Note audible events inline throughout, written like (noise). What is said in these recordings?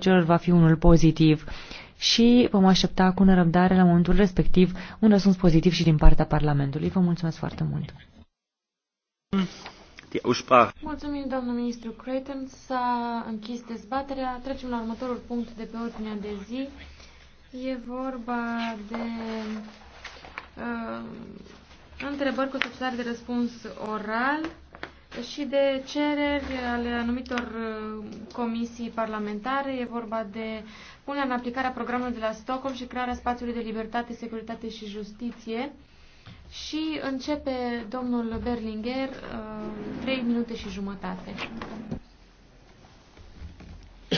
celor va fi unul pozitiv și vom aștepta cu nerăbdare la momentul respectiv un răspuns pozitiv și din partea Parlamentului. Vă mulțumesc foarte mult! Mulțumim, doamnă ministru Creighton. S-a închis dezbaterea. Trecem la următorul punct de pe ordinea de zi. E vorba de uh, întrebări cu substare de răspuns oral și de cereri ale anumitor uh, comisii parlamentare. E vorba de punerea în aplicare a programului de la Stockholm și crearea spațiului de libertate, securitate și justiție. Și începe domnul Berlinger 3 uh, minute și jumătate.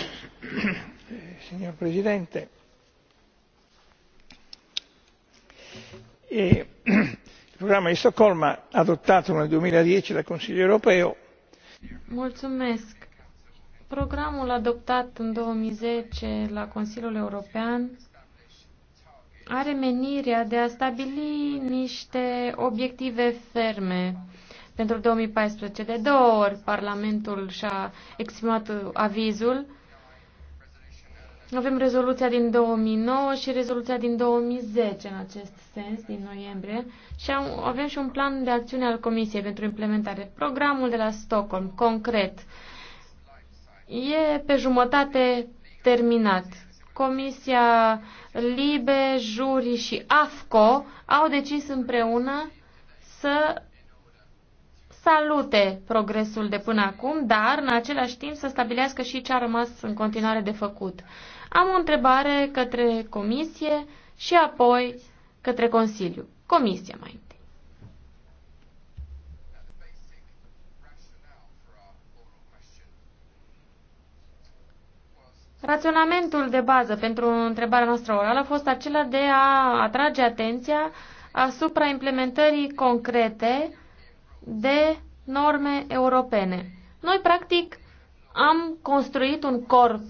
(coughs) Signor Presidente, programma di Stoccolma adottato nel 2010 dal Consiglio europeo. Mulțumesc. Programul adoptat în 2010 la Consiliul European are menirea de a stabili niște obiective ferme pentru 2014. De două ori Parlamentul și-a exprimat avizul avem rezoluția din 2009 și rezoluția din 2010 în acest sens, din noiembrie, și avem și un plan de acțiune al Comisiei pentru implementare. Programul de la Stockholm, concret, e pe jumătate terminat. Comisia Libe, Juri și AFCO au decis împreună să salute progresul de până acum, dar în același timp să stabilească și ce a rămas în continuare de făcut. Am o întrebare către Comisie și apoi către Consiliu. Comisia mai întâi. Raționamentul de bază pentru întrebarea noastră orală a fost acela de a atrage atenția asupra implementării concrete de norme europene. Noi, practic, am construit un corp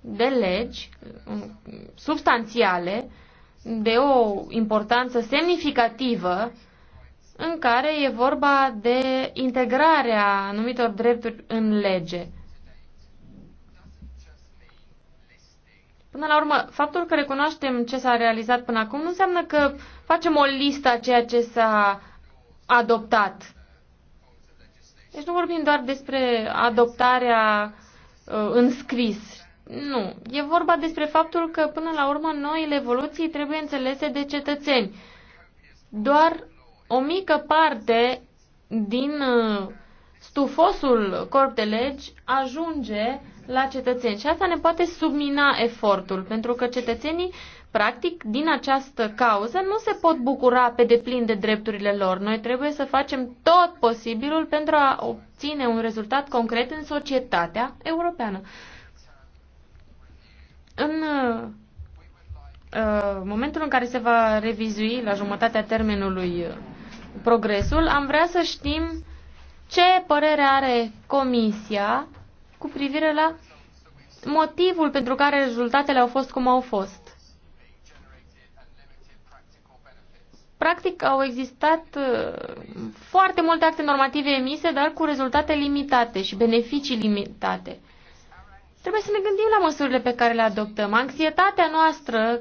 de legi um, substanțiale de o importanță semnificativă în care e vorba de integrarea anumitor drepturi în lege. Până la urmă, faptul că recunoaștem ce s-a realizat până acum nu înseamnă că facem o listă a ceea ce s-a adoptat. Deci nu vorbim doar despre adoptarea uh, în scris nu. E vorba despre faptul că, până la urmă, noile evoluții trebuie înțelese de cetățeni. Doar o mică parte din uh, stufosul corp de legi ajunge la cetățeni și asta ne poate submina efortul, pentru că cetățenii Practic, din această cauză nu se pot bucura pe deplin de drepturile lor. Noi trebuie să facem tot posibilul pentru a obține un rezultat concret în societatea europeană. În uh, uh, momentul în care se va revizui la jumătatea termenului uh, progresul, am vrea să știm ce părere are Comisia cu privire la motivul pentru care rezultatele au fost cum au fost. Practic au existat uh, foarte multe acte normative emise, dar cu rezultate limitate și beneficii limitate. Trebuie să ne gândim la măsurile pe care le adoptăm. Anxietatea noastră,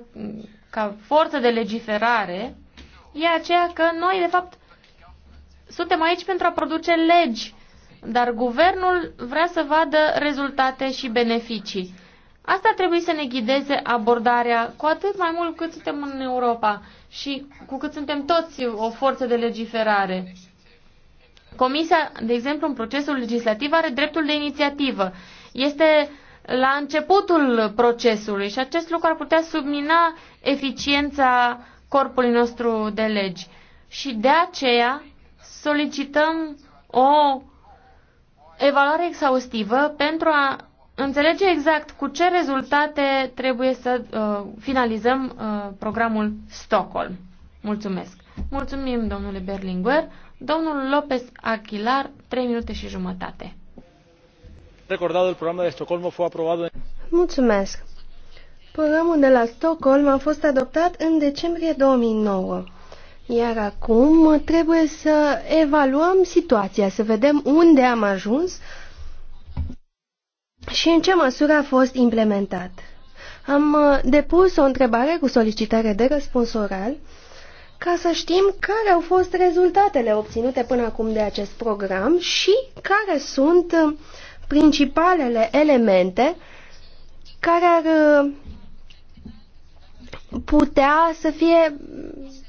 ca forță de legiferare, e aceea că noi, de fapt, suntem aici pentru a produce legi, dar guvernul vrea să vadă rezultate și beneficii. Asta trebuie să ne ghideze abordarea cu atât mai mult cât suntem în Europa și cu cât suntem toți o forță de legiferare. Comisia, de exemplu, în procesul legislativ are dreptul de inițiativă. Este la începutul procesului și acest lucru ar putea submina eficiența corpului nostru de legi. Și de aceea solicităm o evaluare exhaustivă pentru a înțelege exact cu ce rezultate trebuie să uh, finalizăm uh, programul Stockholm. Mulțumesc. Mulțumim, domnule Berlinguer. Domnul Lopez Achilar, 3 minute și jumătate recordado, el programa de Estocolmo fue aprobado en... Mulțumesc! Programul de la Stockholm a fost adoptat în decembrie 2009. Iar acum trebuie să evaluăm situația, să vedem unde am ajuns și în ce măsură a fost implementat. Am uh, depus o întrebare cu solicitare de răspuns oral ca să știm care au fost rezultatele obținute până acum de acest program și care sunt uh, principalele elemente care ar uh, putea să fie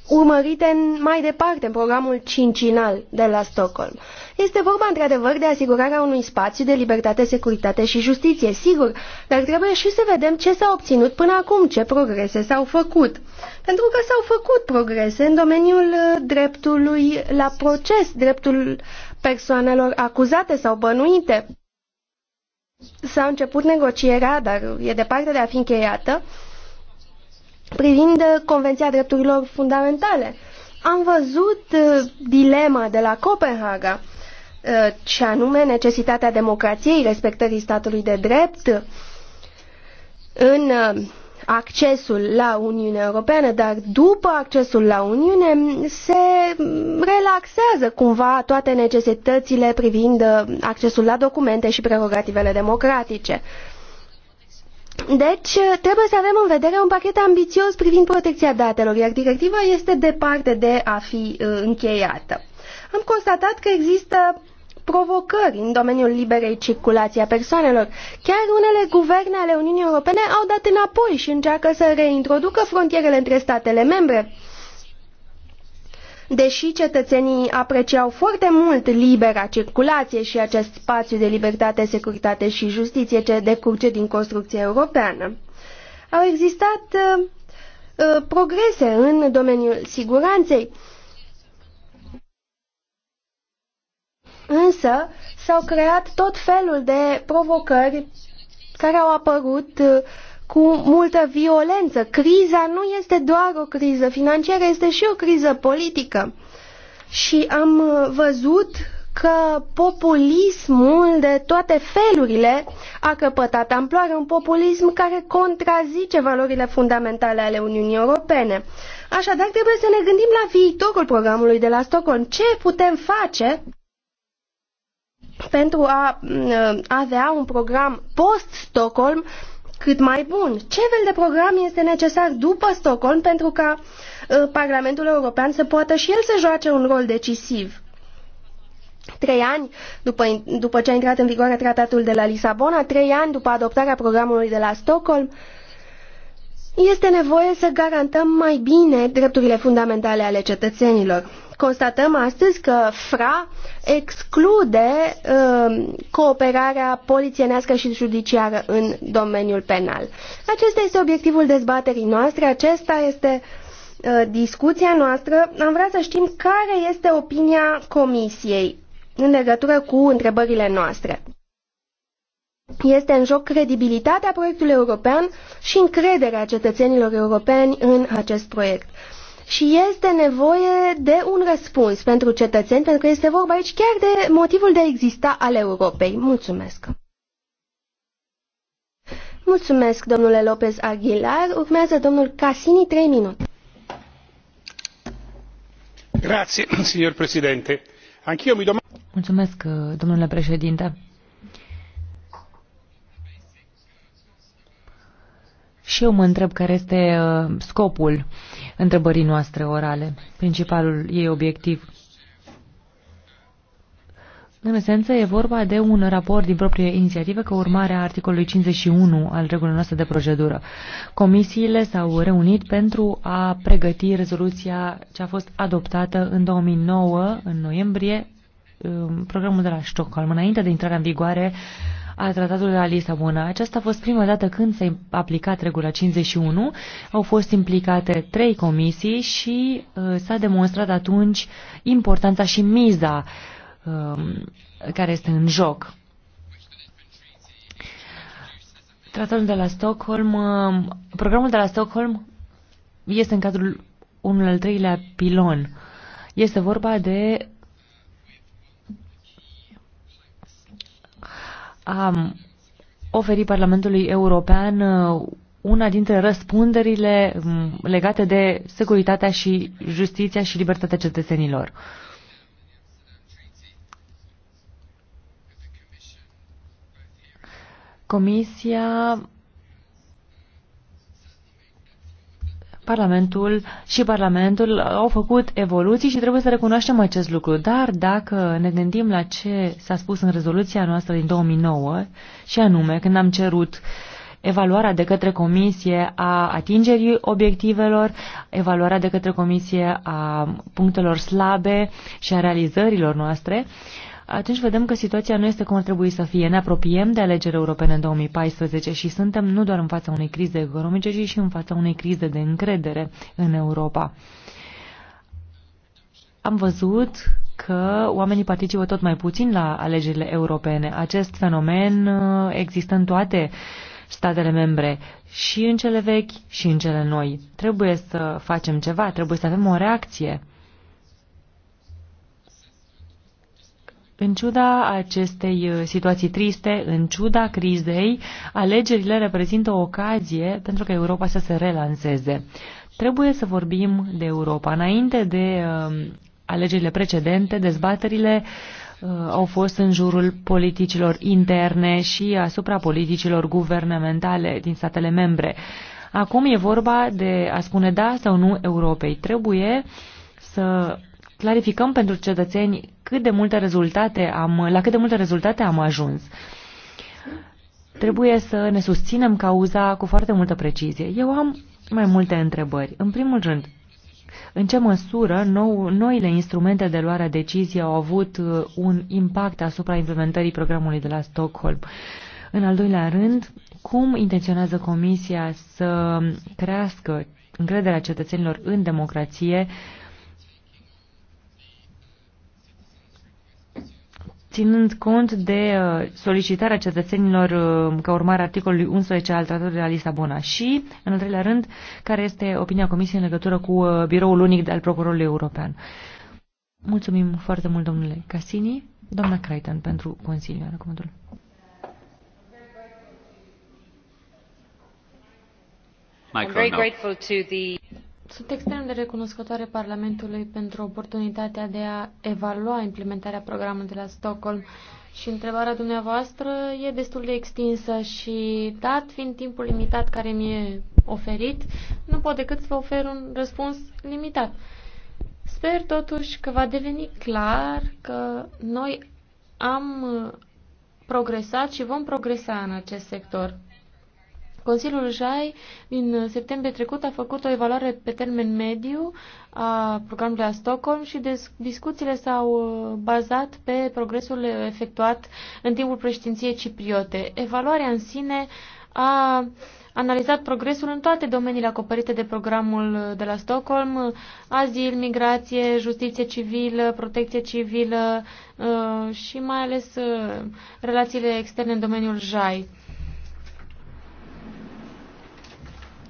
urmărite în, mai departe în programul cincinal de la Stockholm. Este vorba într-adevăr de asigurarea unui spațiu de libertate, securitate și justiție, sigur, dar trebuie și să vedem ce s-a obținut până acum, ce progrese s-au făcut. Pentru că s-au făcut progrese în domeniul uh, dreptului la proces, dreptul persoanelor acuzate sau bănuite S-a început negocierea, dar e departe de a fi încheiată, privind uh, Convenția Drepturilor Fundamentale. Am văzut uh, dilema de la Copenhaga, uh, ce anume necesitatea democrației, respectării statului de drept, în accesul la Uniunea Europeană, dar după accesul la Uniune se relaxează cumva toate necesitățile privind uh, accesul la documente și prerogativele democratice. Deci, uh, trebuie să avem în vedere un pachet ambițios privind protecția datelor, iar directiva este departe de a fi uh, încheiată. Am constatat că există provocări în domeniul liberei circulații a persoanelor. Chiar unele guverne ale Uniunii Europene au dat înapoi și încearcă să reintroducă frontierele între statele membre. Deși cetățenii apreciau foarte mult libera circulație și acest spațiu de libertate, securitate și justiție ce decurge din construcția europeană, au existat uh, uh progrese în domeniul siguranței. Însă s-au creat tot felul de provocări care au apărut uh, cu multă violență. Criza nu este doar o criză financiară, este și o criză politică. Și am uh, văzut că populismul de toate felurile a căpătat amploare, un populism care contrazice valorile fundamentale ale Uniunii Europene. Așadar, trebuie să ne gândim la viitorul programului de la Stockholm. Ce putem face pentru a mm, avea un program post-Stockholm cât mai bun. Ce fel de program este necesar după Stockholm pentru ca ă, Parlamentul European să poată și el să joace un rol decisiv? Trei ani după, după ce a intrat în vigoare tratatul de la Lisabona, trei ani după adoptarea programului de la Stockholm, uh, este nevoie să garantăm mai bine drepturile fundamentale ale cetățenilor. Constatăm astăzi că FRA exclude uh, cooperarea polițienească și judiciară în domeniul penal. Acesta este obiectivul dezbaterii noastre, acesta este uh, discuția noastră. Am vrea să știm care este opinia Comisiei în legătură cu întrebările noastre. Este în joc credibilitatea proiectului european și încrederea cetățenilor europeni în acest proiect. Și este nevoie de un răspuns pentru cetățeni, pentru că este vorba aici chiar de motivul de a exista al Europei. Mulțumesc! Mulțumesc, domnule Lopez Aguilar. Urmează domnul Casini, 3 minute. Grazie, signor președinte. Anch'io mi Mulțumesc, domnule președinte. Și eu mă întreb care este uh, scopul întrebării noastre orale, principalul ei obiectiv. În esență, e vorba de un raport din proprie inițiativă ca urmare a articolului 51 al regulilor noastre de procedură. Comisiile s-au reunit pentru a pregăti rezoluția ce a fost adoptată în 2009, în noiembrie, uh, programul de la Stockholm, înainte de intrarea în vigoare a tratatului la Lisabona. Aceasta a fost prima dată când s-a aplicat regula 51, au fost implicate trei comisii și uh, s-a demonstrat atunci importanța și miza uh, care este în joc. Tratatul de la Stockholm, uh, programul de la Stockholm este în cadrul unul al treilea pilon. Este vorba de a oferi Parlamentului European uh, una dintre răspunderile um, legate de securitatea și justiția și libertatea cetățenilor. Comisia Parlamentul și Parlamentul au făcut evoluții și trebuie să recunoaștem acest lucru. Dar dacă ne gândim la ce s-a spus în rezoluția noastră din 2009, și anume când am cerut evaluarea de către Comisie a atingerii obiectivelor, evaluarea de către Comisie a punctelor slabe și a realizărilor noastre, uh, atunci vedem că situația nu este cum ar trebui să fie. Ne apropiem de alegeri europene în 2014 și suntem nu doar în fața unei crize economice, ci și în fața unei crize de încredere în Europa. Am văzut că oamenii participă tot mai puțin la alegerile europene. Acest fenomen uh, există în toate statele membre, și în cele vechi, și în cele noi. Trebuie să facem ceva, trebuie să avem o reacție În ciuda acestei uh, situații triste, în ciuda crizei, alegerile reprezintă o ocazie pentru că Europa să se relanseze. Trebuie să vorbim de Europa. Înainte de uh, alegerile precedente, dezbaterile uh, au fost în jurul politicilor interne și asupra politicilor guvernamentale din statele membre. Acum e vorba de a spune da sau nu Europei. Trebuie să clarificăm pentru cetățeni cât de multe rezultate am, la cât de multe rezultate am ajuns. Trebuie să ne susținem cauza cu foarte multă precizie. Eu am mai multe întrebări. În primul rând, în ce măsură nou, noile instrumente de luare a decizie au avut uh, un impact asupra implementării programului de la Stockholm? În al doilea rând, cum intenționează Comisia să crească încrederea cetățenilor în democrație ținând cont de uh, solicitarea cetățenilor uh, ca urmare a articolului 11 al Tratatului de la Lisabona și, în al treilea rând, care este opinia Comisiei în legătură cu uh, biroul unic al Procurorului European. Mulțumim foarte mult, domnule Casini. Doamna Crichton, pentru Consiliu, are cuvântul. Sunt extrem de recunoscătoare Parlamentului pentru oportunitatea de a evalua implementarea programului de la Stockholm și întrebarea dumneavoastră e destul de extinsă și dat fiind timpul limitat care mi-e oferit, nu pot decât să vă ofer un răspuns limitat. Sper totuși că va deveni clar că noi am uh, progresat și vom progresa în acest sector. Consiliul JAI din septembrie trecut a făcut o evaluare pe termen mediu a programului la Stockholm și discuțiile s-au uh, bazat pe progresul efectuat în timpul președinției cipriote. Evaluarea în sine a analizat progresul în toate domeniile acoperite de programul de la Stockholm, azil, migrație, justiție civilă, protecție civilă uh, și mai ales uh, relațiile externe în domeniul JAI.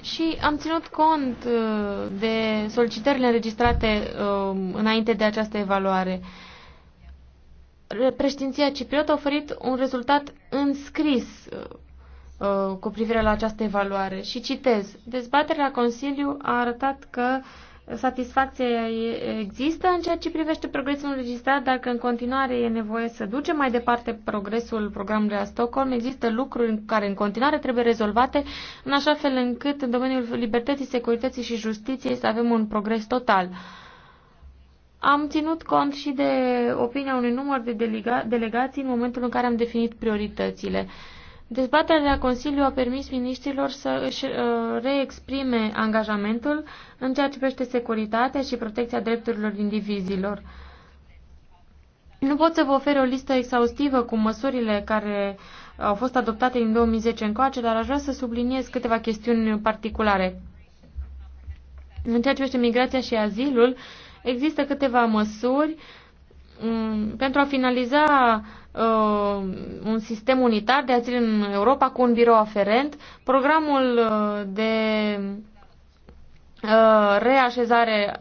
și am ținut cont uh, de solicitările înregistrate um, înainte de această evaluare. Preștinția Cipriot a oferit un rezultat înscris uh, uh, cu privire la această evaluare și citez. Dezbaterea Consiliu a arătat că satisfacție există în ceea ce privește progresul înregistrat, dacă în continuare e nevoie să ducem mai departe progresul programului la Stockholm, există lucruri care în continuare trebuie rezolvate, în așa fel încât în domeniul libertății, securității și justiției să avem un progres total. Am ținut cont și de opinia unui număr de delega- delegații în momentul în care am definit prioritățile. Uh, Dezbaterea de Consiliu a permis miniștrilor să își uh, reexprime angajamentul în ceea ce privește securitatea și protecția drepturilor indivizilor. Nu pot să vă ofer o listă exhaustivă cu măsurile care uh, au fost adoptate din 2010 încoace, dar aș vrea să subliniez câteva chestiuni particulare. În ceea ce privește migrația și azilul, există câteva măsuri um, pentru a finaliza uh, un sistem unitar de azil în Europa cu un birou aferent, programul uh, de uh, reașezare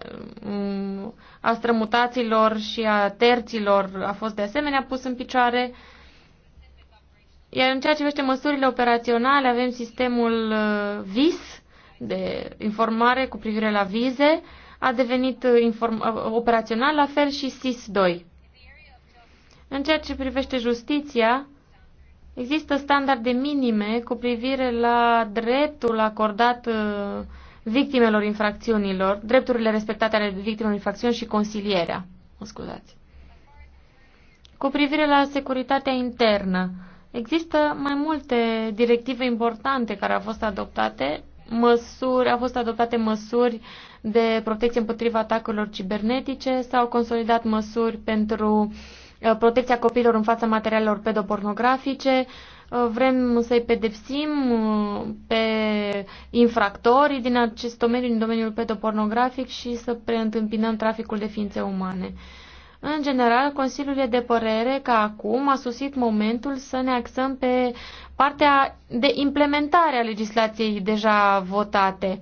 um, a strămutaților și a terților a fost de asemenea pus în picioare. Iar în ceea ce privește măsurile operaționale, avem sistemul uh, VIS de informare cu privire la vize, a devenit inform- operațional la fel și SIS-2. În ceea ce privește justiția, există standarde minime cu privire la dreptul acordat uh, victimelor infracțiunilor, drepturile respectate ale victimelor infracțiuni și consilierea. Mă scuzați. Cu privire la securitatea internă, există mai multe directive importante care au fost adoptate, măsuri, au fost adoptate măsuri de protecție împotriva atacurilor cibernetice, s-au consolidat măsuri pentru uh, Uh, protecția copiilor în fața materialelor pedopornografice, uh, vrem să-i pedepsim uh, pe infractorii din acest domeniu, din domeniul pedopornografic și să preîntâmpinăm traficul de ființe umane. În general, Consiliul e de părere că acum a susit momentul să ne axăm pe partea de implementare a legislației deja votate.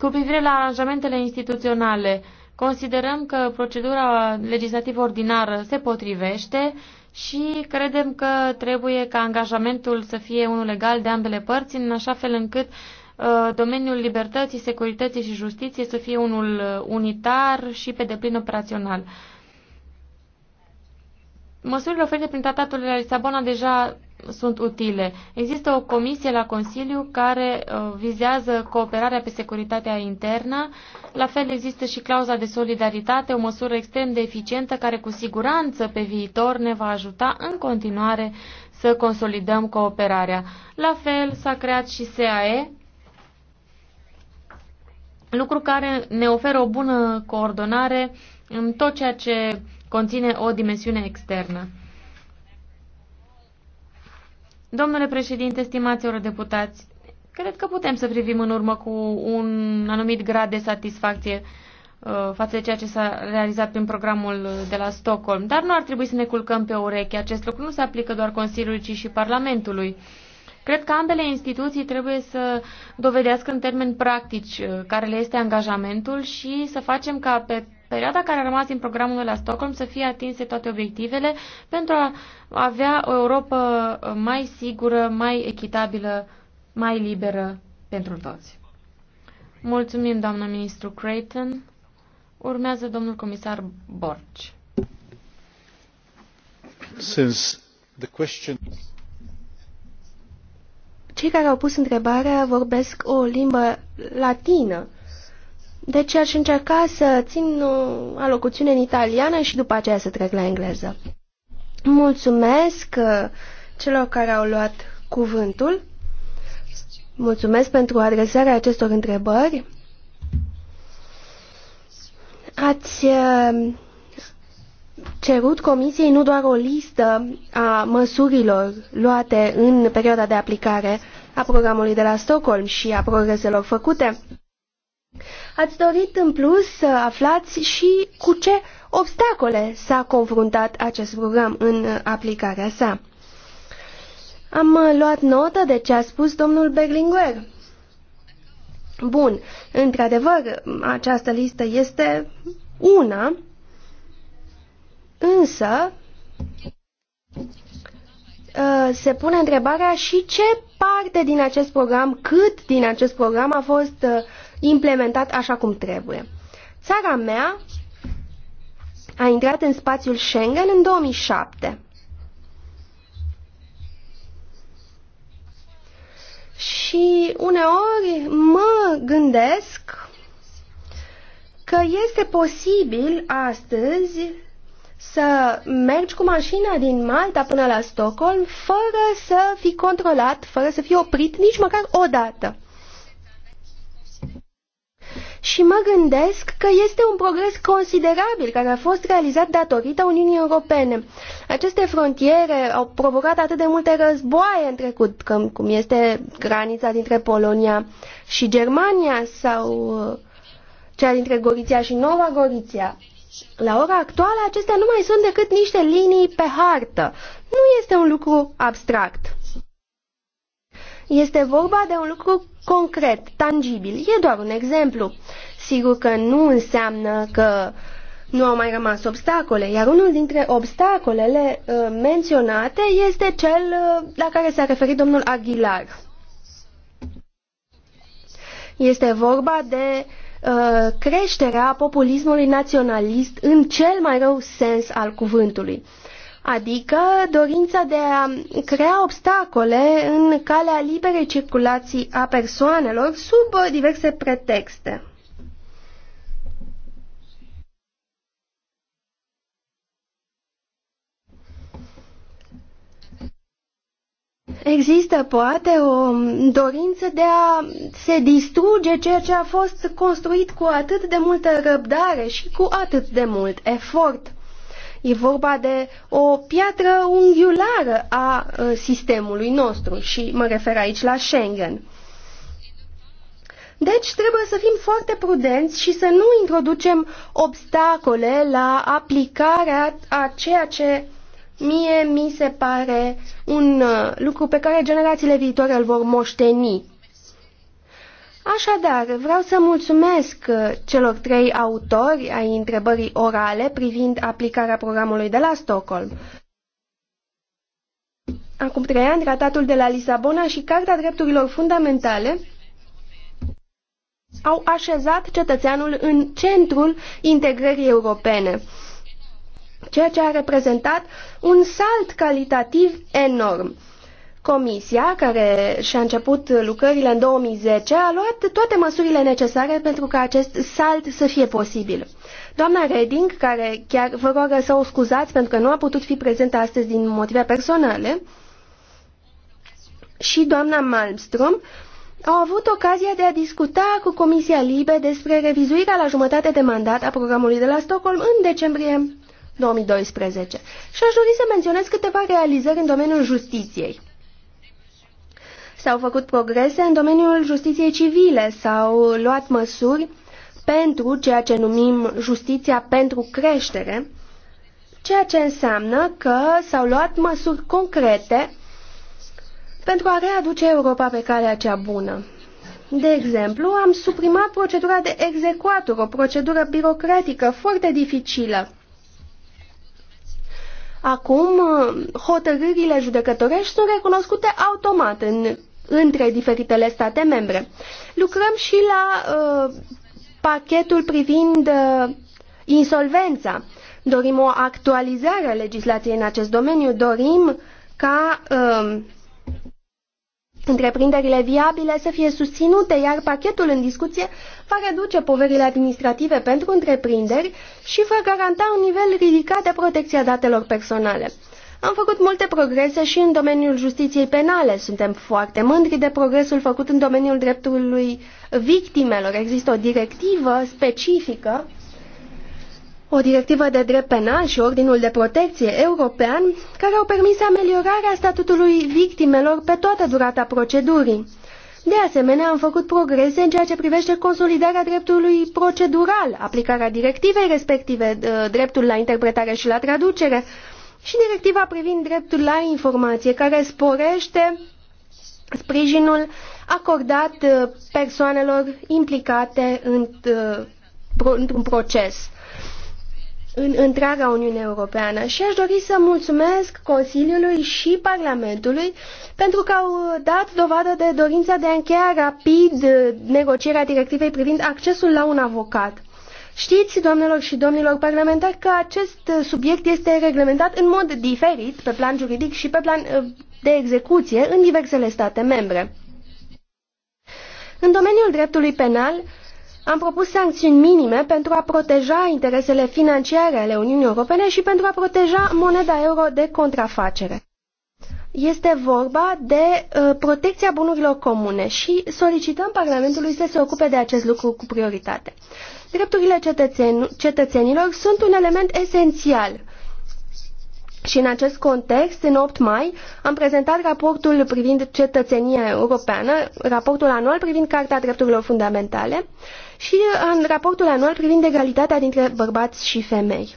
Cu privire la aranjamentele instituționale, considerăm că procedura legislativă ordinară se potrivește și credem că trebuie ca angajamentul să fie unul legal de ambele părți, în așa fel încât uh, domeniul libertății, securității și justiției să fie unul uh, unitar și pe deplin operațional. Măsurile oferite prin tratatul de la Lisabona deja sunt utile. Există o comisie la Consiliu care uh, vizează cooperarea pe securitatea internă. La fel există și clauza de solidaritate, o măsură extrem de eficientă care cu siguranță pe viitor ne va ajuta în continuare să consolidăm cooperarea. La fel s-a creat și SAE, lucru care ne oferă o bună coordonare în tot ceea ce conține o dimensiune externă. Domnule președinte, stimați eurodeputați, cred că putem să privim în urmă cu un anumit grad de satisfacție uh, față de ceea ce s-a realizat prin programul de la Stockholm. Dar nu ar trebui să ne culcăm pe ureche. Acest lucru nu se aplică doar Consiliului, ci și Parlamentului. Cred că ambele instituții trebuie să dovedească în termeni practici uh, care le este angajamentul și să facem ca pe perioada care a rămas din programul de la Stockholm să fie atinse toate obiectivele pentru a avea o Europa uh, mai sigură, mai echitabilă, mai liberă pentru toți. Mulțumim, doamnă ministru Creighton. Urmează domnul comisar Borci. Cei care au pus întrebarea vorbesc o limbă latină deci aș încerca să țin o uh, alocuțiune în italiană și după aceea să trec la engleză. Mulțumesc uh, celor care au luat cuvântul. Mulțumesc pentru adresarea acestor întrebări. Ați uh, cerut Comisiei nu doar o listă a măsurilor luate în perioada de aplicare a programului de la Stockholm și a progreselor făcute, Ați dorit în plus să aflați și cu ce obstacole s-a confruntat acest program în aplicarea sa. Am uh, luat notă de ce a spus domnul Berlinguer. Bun, într-adevăr, această listă este una, însă uh, se pune întrebarea și ce parte din acest program, cât din acest program a fost uh, implementat așa cum trebuie. Țara mea a intrat în spațiul Schengen în 2007. Și uneori mă gândesc că este posibil astăzi să mergi cu mașina din Malta până la Stockholm fără să fii controlat, fără să fii oprit nici măcar o dată și mă gândesc că este un progres considerabil care a fost realizat datorită Uniunii Europene. Aceste frontiere au provocat atât de multe războaie în trecut, cum este granița dintre Polonia și Germania sau uh, cea dintre Goriția și Nova Goriția. La ora actuală, acestea nu mai sunt decât niște linii pe hartă. Nu este un lucru abstract. Este vorba de un lucru concret, tangibil. E doar un exemplu. Sigur că nu înseamnă că nu au mai rămas obstacole, iar unul dintre obstacolele uh, menționate este cel uh, la care s-a referit domnul Aguilar. Este vorba de uh, creșterea populismului naționalist în cel mai rău sens al cuvântului. Uh, adică dorința de a crea obstacole în calea liberei circulații a persoanelor sub uh, diverse pretexte. Există poate o dorință de a se distruge ceea ce a fost construit cu atât de multă răbdare și cu atât de mult efort. E vorba de o piatră unghiulară a uh, sistemului nostru și mă refer aici la Schengen. Deci trebuie să fim foarte prudenți și să nu introducem obstacole la aplicarea a ceea ce mie mi se pare un uh, lucru pe care generațiile viitoare îl vor moșteni. Așadar, vreau să mulțumesc uh, celor trei autori ai întrebării orale privind aplicarea programului de la Stockholm. Acum trei ani, tratatul de la Lisabona și Carta Drepturilor Fundamentale au așezat cetățeanul în centrul integrării europene, ceea ce a reprezentat un salt calitativ enorm. Comisia, care și-a început lucrările în 2010, a luat toate măsurile necesare pentru ca acest salt să fie posibil. Doamna Reding, care chiar vă rog să o scuzați pentru că nu a putut fi prezentă astăzi din motive personale, și doamna Malmström au avut ocazia de a discuta cu Comisia Libe despre revizuirea la jumătate de mandat a programului de la Stockholm în decembrie 2012. Și aș dori să menționez câteva realizări în domeniul justiției. S-au făcut progrese în domeniul justiției civile, s-au luat măsuri pentru ceea ce numim justiția pentru creștere, ceea ce înseamnă că s-au luat măsuri concrete pentru a readuce Europa pe calea cea bună. De exemplu, am suprimat procedura de execuator, o procedură birocratică foarte dificilă. Acum, hotărârile judecătorești sunt recunoscute automat în între diferitele state membre. Lucrăm și la uh, pachetul privind uh, insolvența. Dorim o actualizare a legislației în acest domeniu. Dorim ca uh, întreprinderile viabile să fie susținute, iar pachetul în discuție va reduce poverile administrative pentru întreprinderi și va garanta un nivel ridicat de protecția datelor personale. Am făcut multe progrese și în domeniul justiției penale. Suntem foarte mândri de progresul făcut în domeniul dreptului victimelor. Există o directivă specifică, o directivă de drept penal și ordinul de protecție european, care au permis ameliorarea statutului victimelor pe toată durata procedurii. De asemenea, am făcut progrese în ceea ce privește consolidarea dreptului procedural, aplicarea directivei respective, uh, dreptul la interpretare și la traducere, și directiva privind dreptul la informație, care sporește sprijinul acordat uh, persoanelor implicate uh, într-un proces în întreaga Uniune Europeană și aș dori să mulțumesc Consiliului și Parlamentului pentru că au dat dovadă de dorința de a încheia rapid uh, negocierea directivei privind accesul la un avocat. Știți, doamnelor și domnilor parlamentari, că acest subiect este reglementat în mod diferit pe plan juridic și pe plan uh, de execuție în diversele state membre. În domeniul dreptului penal, am propus sancțiuni minime pentru a proteja interesele financiare ale Uniunii Europene și pentru a proteja moneda euro de contrafacere. Este vorba de uh, protecția bunurilor comune și solicităm Parlamentului să se ocupe de acest lucru cu prioritate. Drepturile cetățen cetățenilor sunt un element esențial și în acest context, în 8 mai, am prezentat raportul privind cetățenia europeană, raportul anual privind Carta Drepturilor Fundamentale și în raportul anual privind egalitatea dintre bărbați și femei.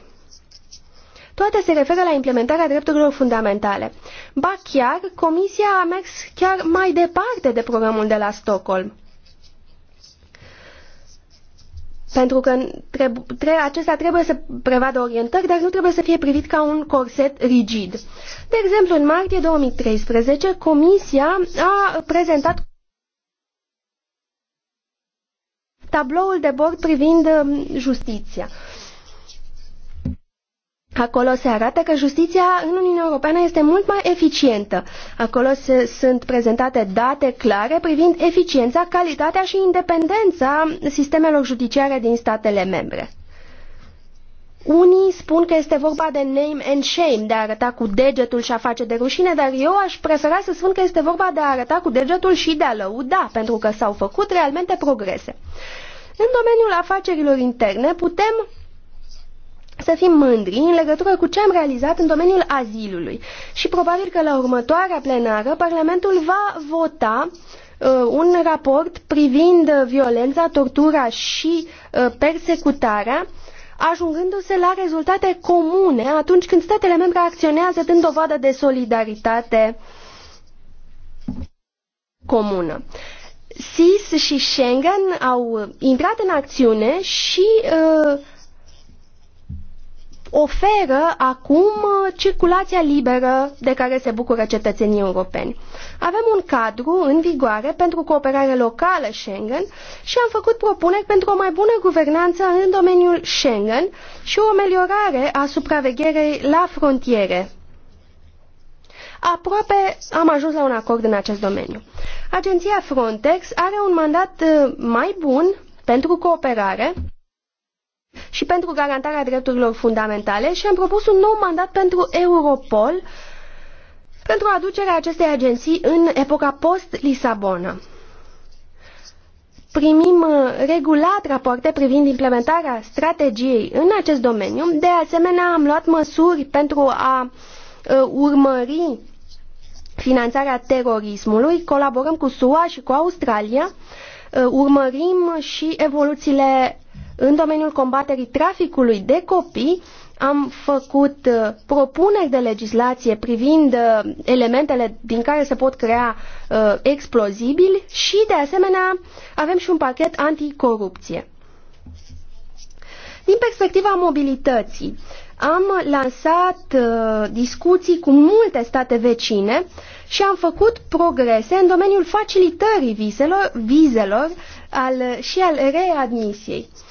Toate se referă la implementarea drepturilor fundamentale. Ba chiar, Comisia a mers chiar mai departe de programul de la Stockholm. Pentru că trebu tre acesta trebuie să prevadă orientări, dar nu trebuie să fie privit ca un corset rigid. De exemplu, în martie 2013, Comisia a prezentat tabloul de bord privind um, justiția. Acolo se arată că justiția în Uniunea Europeană este mult mai eficientă. Acolo se, sunt prezentate date clare privind eficiența, calitatea și independența sistemelor judiciare din statele membre. Unii spun că este vorba de name and shame, de a arăta cu degetul și a face de rușine, dar eu aș prefera să spun că este vorba de a arăta cu degetul și de a lăuda, pentru că s-au făcut realmente progrese. În domeniul afacerilor interne putem să fim mândri în legătură cu ce am realizat în domeniul azilului. Și probabil că la următoarea plenară Parlamentul va vota uh, un raport privind violența, tortura și uh, persecutarea ajungându-se la rezultate comune atunci când statele membre acționează dând dovadă de solidaritate comună. SIS și Schengen au intrat în acțiune și uh, oferă acum uh, circulația liberă de care se bucură cetățenii europeni. Avem un cadru în vigoare pentru cooperare locală Schengen și am făcut propuneri pentru o mai bună guvernanță în domeniul Schengen și o ameliorare a supravegherei la frontiere aproape am ajuns la un acord în acest domeniu. Agenția Frontex are un mandat uh, mai bun pentru cooperare și pentru garantarea drepturilor fundamentale și am propus un nou mandat pentru Europol pentru aducerea acestei agenții în epoca post-Lisabona. Primim uh, regulat rapoarte privind implementarea strategiei în acest domeniu. De asemenea, am luat măsuri pentru a uh, urmări finanțarea terorismului, colaborăm cu SUA și cu Australia, uh, urmărim și evoluțiile în domeniul combaterii traficului de copii am făcut uh, propuneri de legislație privind uh, elementele din care se pot crea uh, explozibili și, de asemenea, avem și un pachet anticorupție. Din perspectiva mobilității, am lansat discuții cu multe state vecine și am făcut progrese în domeniul facilitării vizelor, vizelor al, și al readmisiei. Uh,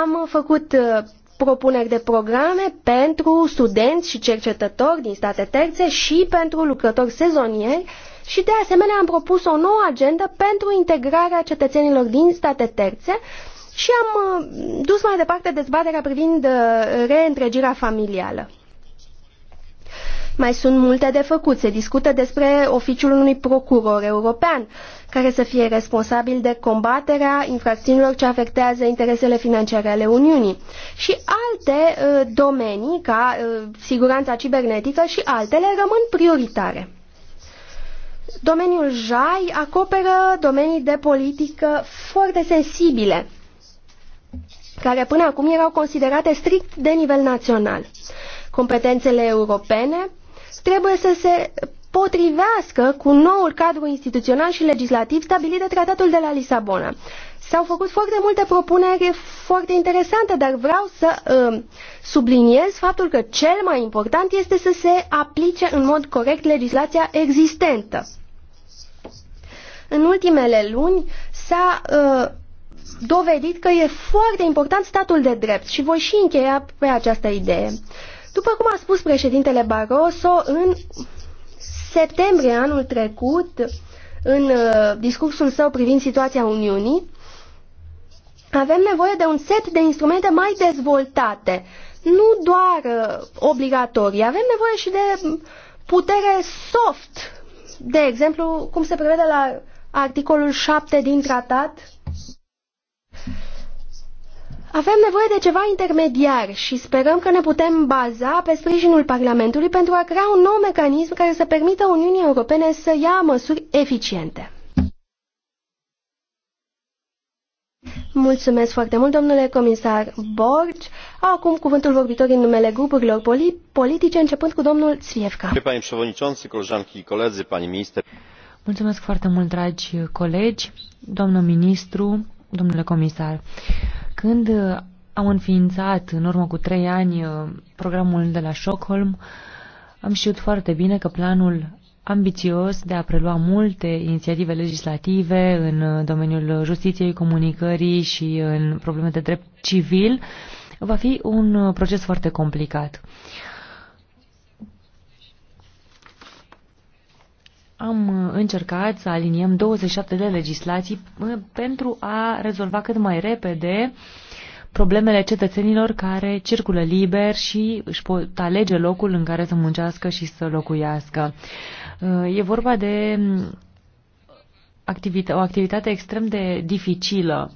am făcut uh, propuneri de programe pentru studenți și cercetători din state terțe și pentru lucrători sezonieri și de asemenea am propus o nouă agendă pentru integrarea cetățenilor din state terțe și am uh, dus mai departe dezbaterea privind uh, reîntregirea familială. Mai sunt multe de făcut. Se discută despre oficiul unui procuror european care să fie responsabil de combaterea infracțiunilor ce afectează interesele financiare ale Uniunii și alte uh, domenii ca uh, siguranța cibernetică și altele rămân prioritare. Domeniul JAI acoperă domenii de politică foarte sensibile, care până acum erau considerate strict de nivel național. Competențele europene trebuie să se potrivească cu noul cadru instituțional și legislativ stabilit de Tratatul de la Lisabona. S-au făcut foarte multe propuneri foarte interesante, dar vreau să uh, subliniez faptul că cel mai important este să se aplice în mod corect legislația existentă. În ultimele luni s-a uh, dovedit că e foarte important statul de drept și voi și încheia pe această idee. După cum a spus președintele Barroso în septembrie anul trecut, în uh, discursul său privind situația Uniunii, avem nevoie de un set de instrumente mai dezvoltate, nu doar uh, obligatorii, avem nevoie și de putere soft, de exemplu, cum se prevede la articolul 7 din tratat, avem nevoie de ceva intermediar și sperăm că ne putem baza pe sprijinul Parlamentului pentru a crea un nou mecanism care să permită Uniunii Europene să ia măsuri eficiente. Mulțumesc foarte mult, domnule comisar Borci. Acum cuvântul vorbitor în numele grupurilor poli politice, începând cu domnul Țvievca. Mulțumesc foarte mult, dragi colegi, domnul ministru, domnule comisar. Când uh, am înființat în urmă cu trei ani uh, programul de la Stockholm, am știut foarte bine că planul ambițios de a prelua multe inițiative legislative în uh, domeniul justiției, comunicării și în probleme de drept civil va fi un proces foarte complicat. Uh, am uh, încercat să aliniem 27 de legislații uh, pentru a rezolva cât mai repede problemele cetățenilor care circulă liber și își pot alege locul în care să muncească și să locuiască. Uh, e vorba de um, o activitate extrem de dificilă.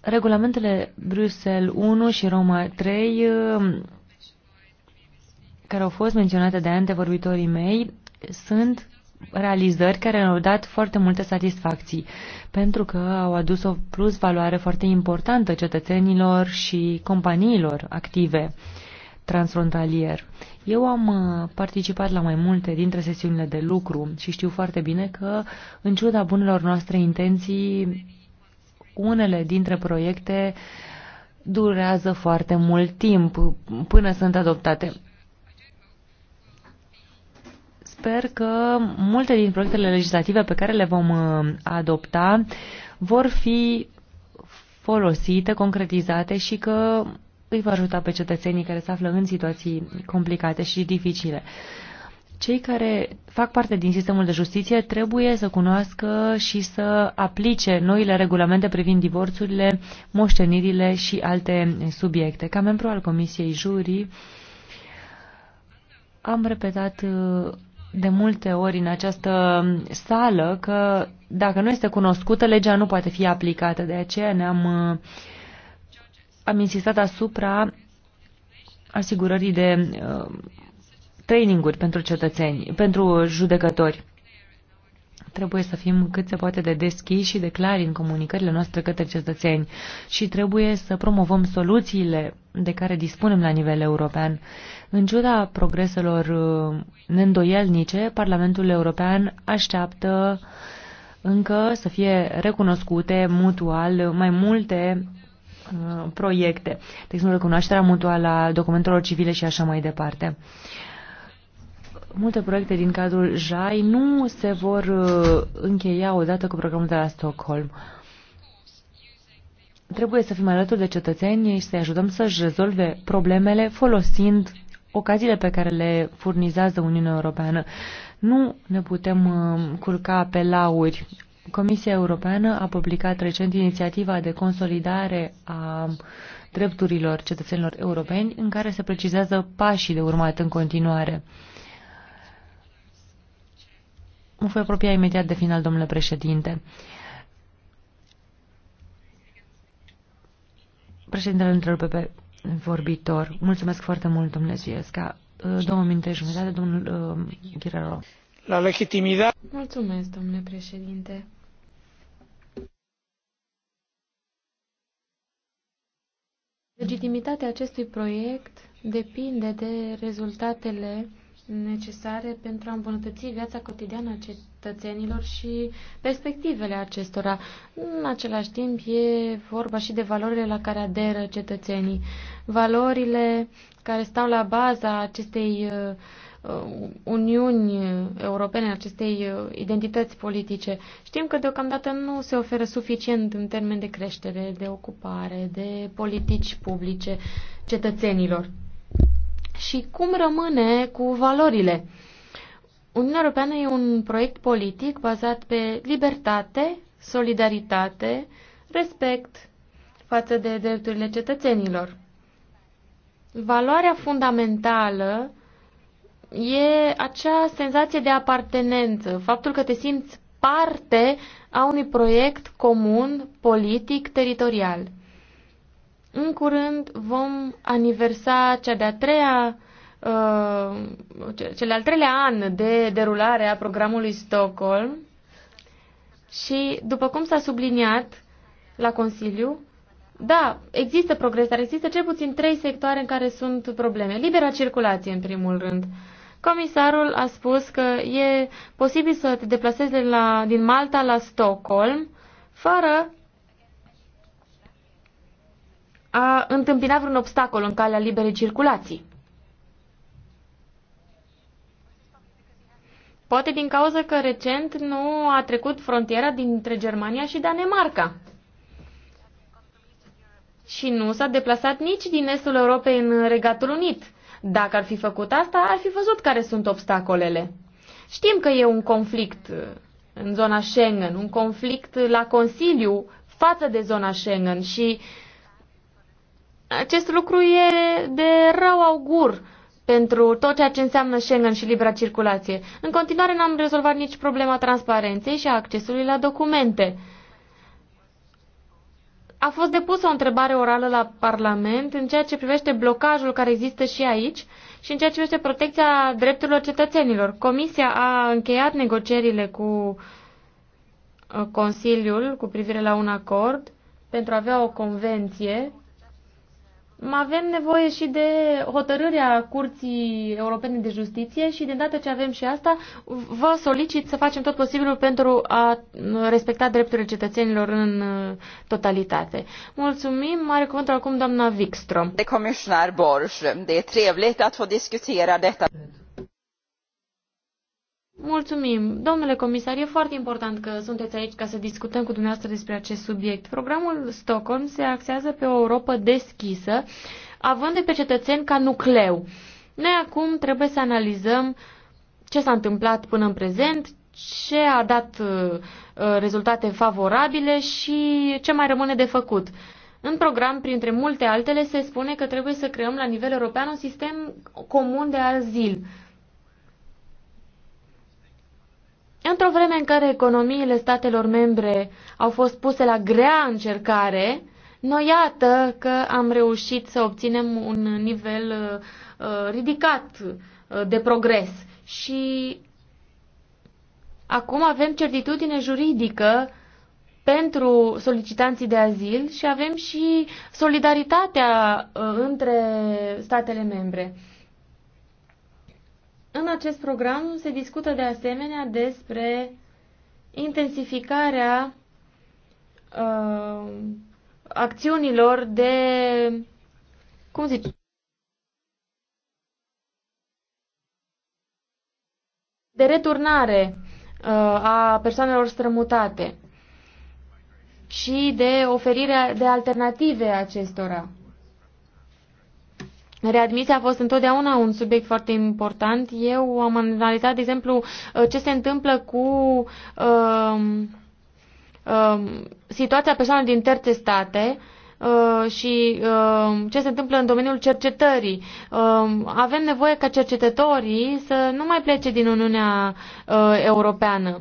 Regulamentele Bruxelles 1 și Roma 3 care au fost menționate de antevorbitorii mei sunt realizări care ne-au dat foarte multe satisfacții, pentru că au adus o plus valoare foarte importantă cetățenilor și companiilor active transfrontalier. Eu am uh, participat la mai multe dintre sesiunile de lucru și știu foarte bine că, în ciuda bunelor noastre intenții, unele dintre proiecte durează foarte mult timp până sunt adoptate sper că multe din proiectele legislative pe care le vom uh, adopta vor fi folosite, concretizate și că îi va ajuta pe cetățenii care se află în situații complicate și dificile. Cei care fac parte din sistemul de justiție trebuie să cunoască și să aplice noile regulamente privind divorțurile, moștenirile și alte subiecte. Ca membru al Comisiei Jurii, am repetat uh, de multe ori în această sală că dacă nu este cunoscută, legea nu poate fi aplicată. De aceea ne-am uh, am insistat asupra asigurării de uh, traininguri pentru cetățeni, pentru judecători. Trebuie să fim cât se poate de deschiși și de clari în comunicările noastre către cetățeni și trebuie să promovăm soluțiile de care dispunem la nivel european. Uh, în ciuda progreselor uh, neîndoielnice, Parlamentul European așteaptă încă să fie recunoscute mutual mai multe uh, proiecte, de exemplu recunoașterea mutuală a documentelor civile și așa mai departe. Multe proiecte din cadrul JAI nu se vor uh, încheia odată cu programul de la Stockholm. Trebuie să fim alături de cetățeni și să-i ajutăm să-și rezolve problemele folosind ocaziile pe care le furnizează Uniunea Europeană. Nu ne putem uh, curca pe lauri. Comisia Europeană a publicat recent inițiativa de consolidare a drepturilor cetățenilor europeni, în care se precizează pașii de urmat în continuare. Mă voi apropia imediat de final, domnule președinte. Președintele întrerupe pe vorbitor. Mulțumesc foarte mult, domnule Ziesca. Uh, două minute jumătate, domnul uh, Ghirero. La legitimitate. Mulțumesc, domnule președinte. Legitimitatea acestui proiect depinde de rezultatele necesare pentru a îmbunătăți viața cotidiană a cetățenilor și perspectivele acestora. În același timp e vorba și de valorile la care aderă cetățenii. Valorile care stau la baza acestei uh, uh, Uniuni Europene, acestei uh, identități politice. Știm că deocamdată nu se oferă suficient în termen de creștere, de ocupare, de politici publice cetățenilor. Și cum rămâne cu valorile? Uh, Uniunea Europeană e un proiect politic bazat pe libertate, solidaritate, respect față de drepturile cetățenilor. Valoarea fundamentală e acea senzație de apartenență, faptul că te simți parte a unui proiect comun, politic, teritorial. În curând vom aniversa cea de-a treia Uh, cel al treilea an de derulare a programului Stockholm și, după cum s-a subliniat la Consiliu, da, există progres, dar există cel puțin trei sectoare în care sunt probleme. Libera circulație, în primul rând. Comisarul a spus că e posibil să te deplasezi de la, din Malta la Stockholm fără a întâmpina vreun obstacol în calea liberei circulații. Poate din cauza că recent nu a trecut frontiera dintre Germania și Danemarca. Și nu s-a deplasat nici din estul Europei în Regatul Unit. Dacă ar fi făcut asta, ar fi văzut care sunt obstacolele. Știm că e un conflict uh, în zona Schengen, un conflict la Consiliu față de zona Schengen și acest lucru e de rău augur pentru tot ceea ce înseamnă Schengen și libera circulație. În continuare n-am rezolvat nici problema transparenței și a accesului la documente. A fost depusă o întrebare orală la Parlament în ceea ce privește blocajul care există și aici și în ceea ce privește protecția drepturilor cetățenilor. Comisia a încheiat negocierile cu uh, Consiliul cu privire la un acord pentru a avea o convenție avem nevoie și de hotărârea Curții Europene de Justiție și de data ce avem și asta, vă solicit să facem tot posibilul pentru a respecta drepturile cetățenilor în uh, totalitate. Mulțumim, mare cuvântul acum doamna Wikström. De comisionar Borș, de e trevligt att få diskutera detta. Mulțumim. Domnule comisar, e foarte important că sunteți aici ca să discutăm cu dumneavoastră despre acest subiect. Programul Stockholm se axează pe o Europa deschisă, având de pe cetățeni ca nucleu. Noi acum trebuie să analizăm ce s-a întâmplat până în prezent, ce a dat uh, uh, rezultate favorabile și ce mai rămâne de făcut. În program, printre multe altele, se spune că trebuie să creăm la nivel european un sistem comun de azil Într-o vreme în care economiile statelor membre au fost puse la grea încercare, noi iată că am reușit să obținem un nivel uh, uh ridicat uh, de progres și acum avem certitudine juridică pentru solicitanții de azil și avem și solidaritatea uh, între statele membre. În acest program se discută de asemenea despre intensificarea uh, acțiunilor de, cum zic, de returnare uh, a persoanelor strămutate și de oferirea de alternative acestora. Readmisia a fost întotdeauna un subiect foarte important. Eu am analizat, de exemplu, uh, ce se întâmplă cu uh, uh, situația persoanelor din terțe state uh, și um, ce se întâmplă în domeniul cercetării. avem nevoie ca cercetătorii să nu mai plece din Uniunea uh, Europeană.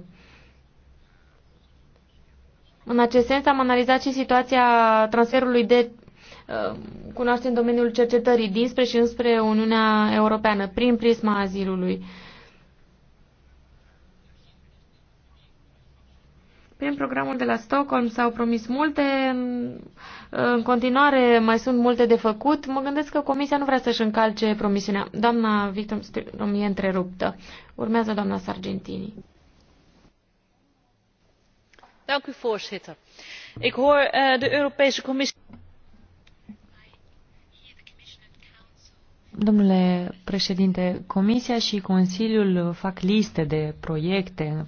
În acest sens am analizat și situația transferului de Uh, cunoaștem domeniul cercetării dinspre și înspre Uniunea Europeană, prin prisma azilului. Prin programul de la Stockholm s-au promis multe, în uh, continuare mai sunt multe de făcut. Mă gândesc că Comisia nu vrea să-și încalce promisiunea. Doamna Victor e întreruptă. Urmează doamna Sargentini. Dank u voorzitter. Ik hoor uh, de Europese Commissie. Domnule președinte, Comisia și Consiliul fac liste de proiecte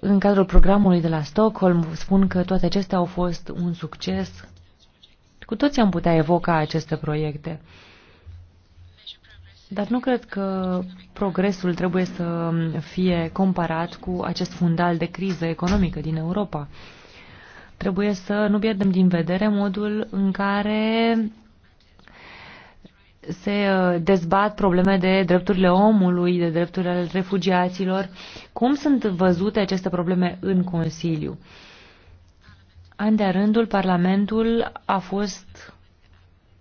în cadrul programului de la Stockholm. Spun că toate acestea au fost un succes. Cu toți am putea evoca aceste proiecte. Dar nu cred că progresul trebuie să fie comparat cu acest fundal de criză economică din Europa. Trebuie să nu pierdem din vedere modul în care se uh, dezbat probleme de drepturile omului, de drepturile refugiaților. Cum sunt văzute aceste probleme în Consiliu? An de rândul, Parlamentul a fost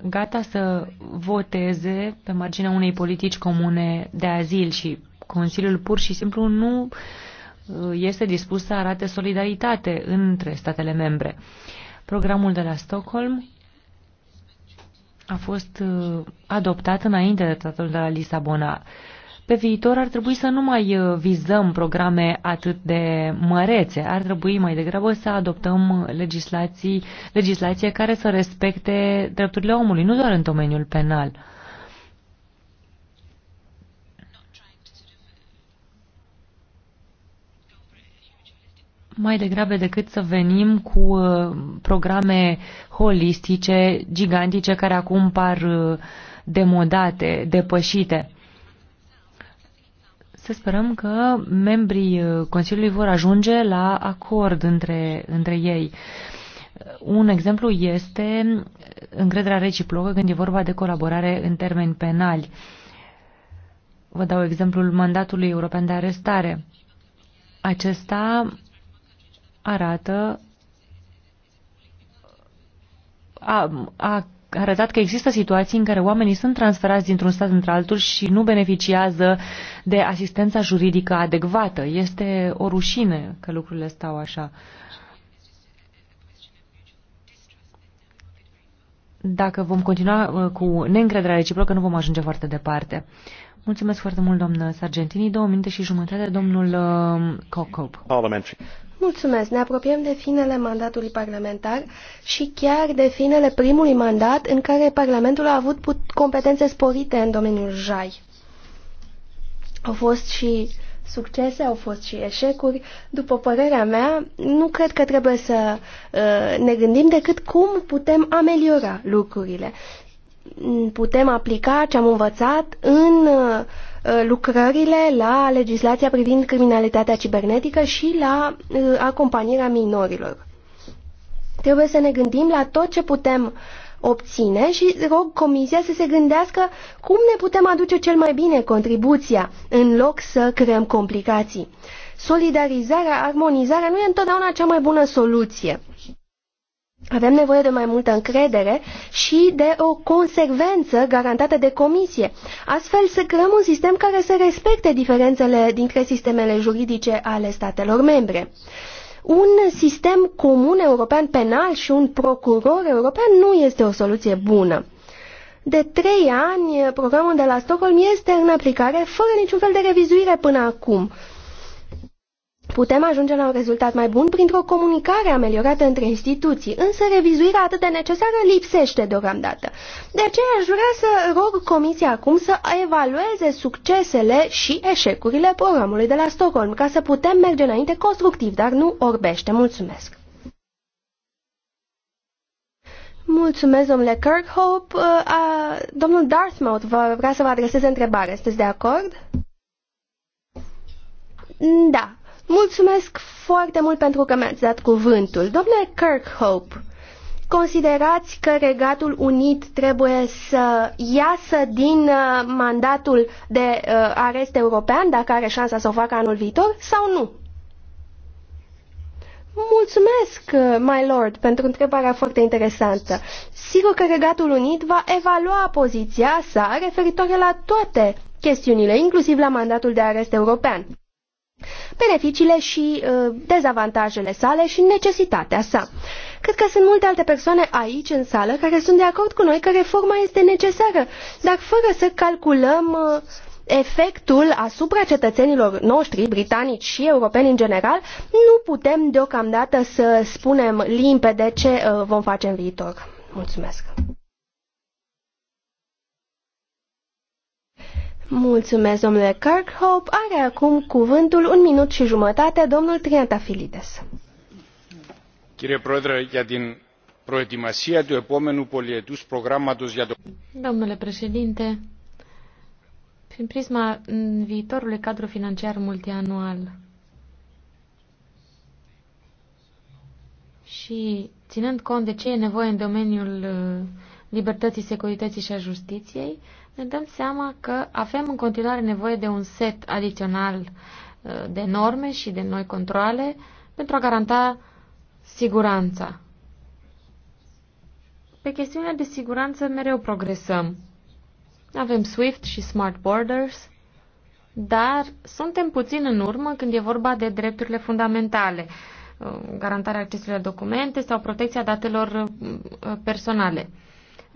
gata să voteze pe marginea unei politici comune de azil și Consiliul pur și simplu nu uh, este dispus să arate solidaritate între statele membre. Programul de la Stockholm a fost uh, adoptat înainte de tratatul de la Lisabona. Pe viitor ar trebui să nu mai uh, vizăm programe atât de mărețe, ar trebui mai degrabă să adoptăm legislații, legislație care să respecte drepturile omului, nu doar în domeniul penal. mai degrabă decât să venim cu uh, programe holistice, gigantice, care acum par uh, demodate, depășite. Să sperăm că membrii uh, Consiliului vor ajunge la acord între, între ei. Un exemplu este încrederea reciprocă când e vorba de colaborare în termeni penali. Vă dau exemplul mandatului european de arestare. Acesta arată a, a arătat că există situații în care oamenii sunt transferați dintr-un stat într-altul și nu beneficiază de asistența juridică adecvată. Este o rușine că lucrurile stau așa. Dacă vom continua uh, cu neîncrederea reciprocă, nu vom ajunge foarte departe. Mulțumesc foarte mult, doamnă Sargentini. Două minute și jumătate, domnul uh, Cocop. Mulțumesc. Ne apropiem de finele mandatului parlamentar și chiar de finele primului mandat în care Parlamentul a avut competențe sporite în domeniul JAI. Au fost și succese, au fost și eșecuri. După părerea mea, nu cred că trebuie să uh, ne gândim decât cum putem ameliora lucrurile. Putem aplica ce am învățat în uh, Uh, lucrările la legislația privind criminalitatea cibernetică și la uh, acompanierea minorilor. Trebuie să ne gândim la tot ce putem obține și rog Comisia să se gândească cum ne putem aduce cel mai bine contribuția, în loc să creăm complicații. Solidarizarea, armonizarea nu e întotdeauna cea mai bună soluție avem nevoie de mai multă încredere și de o consecvență garantată de comisie. Astfel să creăm un sistem care să respecte diferențele dintre sistemele juridice ale statelor membre. Un sistem comun european penal și un procuror european nu este o soluție bună. De trei ani, programul de la Stockholm este în aplicare fără niciun fel de revizuire până acum. Putem ajunge la un rezultat mai bun printr-o comunicare ameliorată între instituții, însă revizuirea atât de necesară lipsește deocamdată. De aceea aș vrea să rog Comisia acum să evalueze succesele și eșecurile programului de la Stockholm, ca să putem merge înainte constructiv, dar nu orbește. Mulțumesc! Mulțumesc, domnule Kirkhope. Uh, domnul Dartmouth vă vrea să vă adreseze întrebare. Sunteți de acord? Da. Mulțumesc foarte mult pentru că mi-ați dat cuvântul. Domnule Kirkhope, considerați că Regatul Unit trebuie să iasă din uh, mandatul de uh, arest european, dacă are șansa să o facă anul viitor, sau nu? Mulțumesc, uh, my lord, pentru întrebarea foarte interesantă. Sigur că Regatul Unit va evalua poziția sa referitoare la toate chestiunile, inclusiv la mandatul de arest european beneficiile și uh, dezavantajele sale și necesitatea sa. Cred că sunt multe alte persoane aici în sală care sunt de acord cu noi că reforma este necesară, dar fără să calculăm uh, efectul asupra cetățenilor noștri, britanici și europeni în general, nu putem deocamdată să spunem limpede ce uh, vom face în viitor. Mulțumesc! Mulțumesc, domnule Kirkhope. Are acum cuvântul un minut și jumătate domnul Triantafilides. Domnule președinte, prin prisma viitorului cadru financiar multianual și ținând cont de ce e nevoie în domeniul uh, libertății, securității și a justiției, ne dăm seama că avem în continuare nevoie de un set adițional uh, de norme și de noi controle pentru a garanta siguranța. Pe chestiunea de siguranță mereu progresăm. Avem SWIFT și Smart Borders, dar suntem puțin în urmă când e vorba de drepturile fundamentale, uh, garantarea accesului la documente sau protecția datelor uh, personale.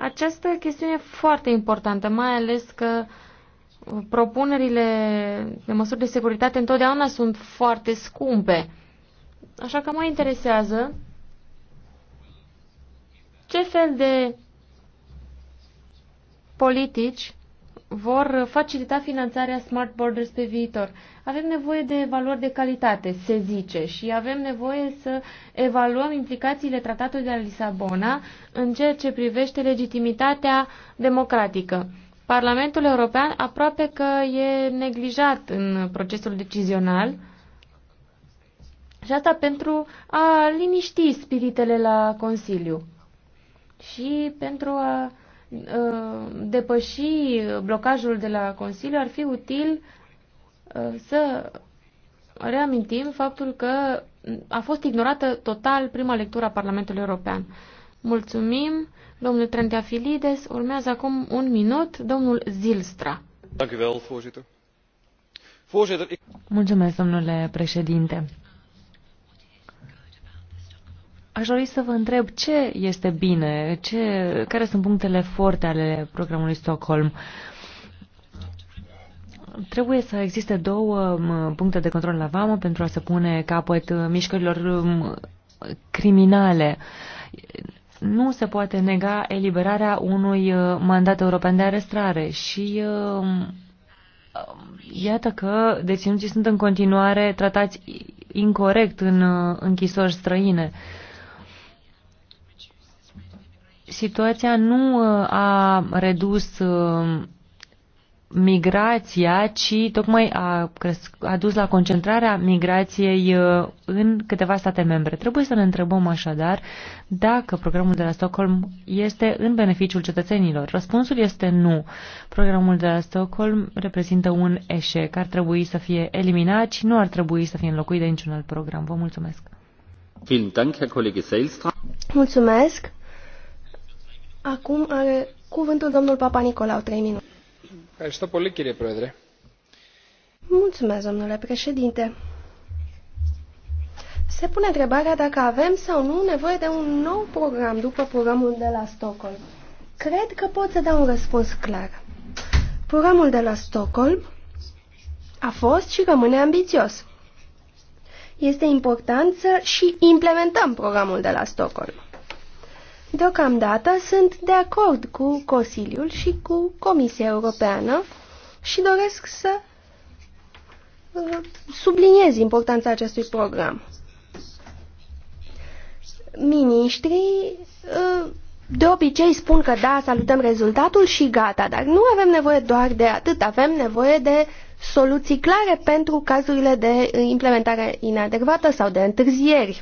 Această chestiune e foarte importantă, mai ales că propunerile de măsuri de securitate întotdeauna sunt foarte scumpe. Așa că mă interesează ce fel de politici vor facilita finanțarea Smart Borders pe viitor. Avem nevoie de valori de calitate, se zice, și avem nevoie să evaluăm implicațiile tratatului de la Lisabona în ceea ce privește legitimitatea democratică. Parlamentul European aproape că e neglijat în procesul decizional și asta pentru a liniști spiritele la Consiliu și pentru a Uh, depăși blocajul de la Consiliu, ar fi util uh, să reamintim faptul că a fost ignorată total prima lectură a Parlamentului European. Mulțumim, domnul filides Urmează acum un minut, domnul Zilstra. Mulțumesc, domnule președinte. Aș dori să vă întreb ce este bine, ce, care sunt punctele forte ale programului Stockholm. Trebuie să existe două puncte de control la vamă pentru a se pune capăt uh, mișcărilor um, criminale. Nu se poate nega eliberarea unui uh, mandat european de arestare și um, iată că deținuții sunt în continuare tratați incorrect în uh, închisori străine situația nu uh, a redus uh, migrația, ci tocmai a, a dus la concentrarea migrației uh, în câteva state membre. Trebuie să ne întrebăm așadar dacă programul de la Stockholm este în beneficiul cetățenilor. Răspunsul este nu. Programul de la Stockholm reprezintă un eșec. Ar trebui să fie eliminat și nu ar trebui să fie înlocuit de niciun alt program. Vă mulțumesc! Mulțumesc! Acum are cuvântul domnul Papa Nicolau, trei minute. Mulțumesc, domnule președinte. Se pune întrebarea dacă avem sau nu nevoie de un nou program după programul de la Stockholm. Cred că pot să dau un răspuns clar. Programul de la Stockholm a fost și rămâne ambițios. Este important să și implementăm programul de la Stockholm. Deocamdată sunt de acord cu Consiliul și cu Comisia Europeană și doresc să uh, subliniez importanța acestui program. Ministrii uh, de obicei spun că da, salutăm rezultatul și gata, dar nu avem nevoie doar de atât, avem nevoie de soluții clare pentru cazurile de uh, implementare inadecvată sau de întârzieri.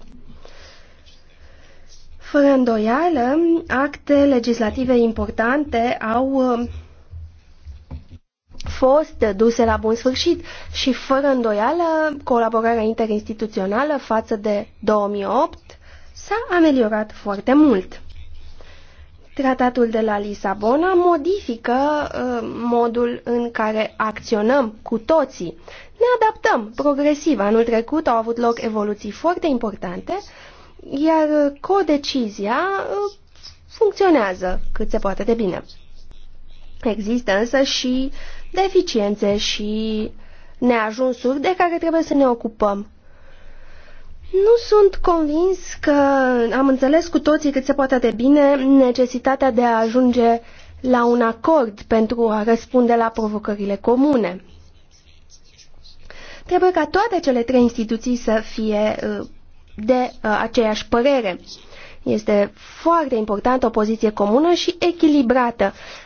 Fără îndoială, acte legislative importante au uh, fost duse la bun sfârșit și fără îndoială colaborarea interinstituțională față de 2008 s-a ameliorat foarte mult. Tratatul de la Lisabona modifică uh, modul în care acționăm cu toții. Ne adaptăm progresiv. Anul trecut au avut loc evoluții foarte importante iar codecizia uh, funcționează cât se poate de bine. Există însă și deficiențe și neajunsuri de care trebuie să ne ocupăm. Nu sunt convins că am înțeles cu toții cât se poate de bine necesitatea de a ajunge la un acord pentru a răspunde la provocările comune. Trebuie ca toate cele trei instituții să fie uh, de uh, aceeași părere. Este foarte importantă o poziție comună și echilibrată,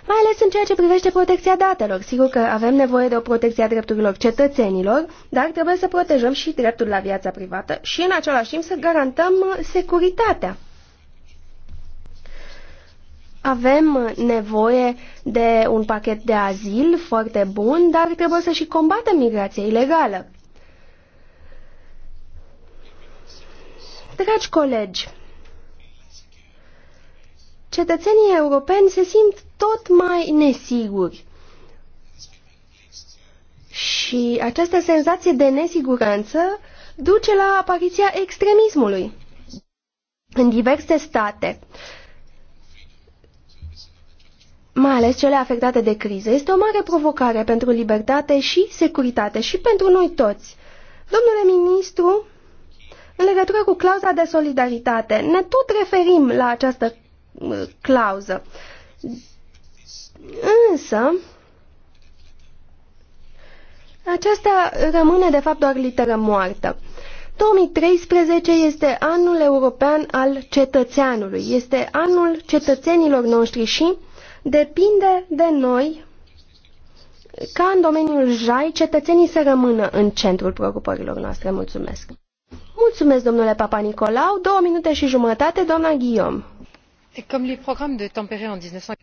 mai ales în ceea ce privește protecția datelor. Sigur că avem nevoie de o protecție a drepturilor cetățenilor, dar trebuie să protejăm și dreptul la viața privată și în același timp să garantăm uh, securitatea. Avem uh, nevoie de un pachet de azil foarte bun, dar trebuie să și combatem migrația ilegală. Dragi colegi, cetățenii europeni se simt tot mai nesiguri. Și această senzație de nesiguranță duce la apariția extremismului în diverse state, mai ales cele afectate de criză. Este o mare provocare pentru libertate și securitate și pentru noi toți. Domnule ministru, în legătură cu clauza de solidaritate, ne tot referim la această clauză. Însă, aceasta rămâne de fapt doar literă moartă. 2013 este anul european al cetățeanului, este anul cetățenilor noștri și depinde de noi ca în domeniul JAI cetățenii să rămână în centrul preocupărilor noastre. Mulțumesc! Mulțumesc, domnule Papa Nicolau. Două minute și jumătate, doamna Guillaume. Uh, cum le programe de uh, tempere în 19...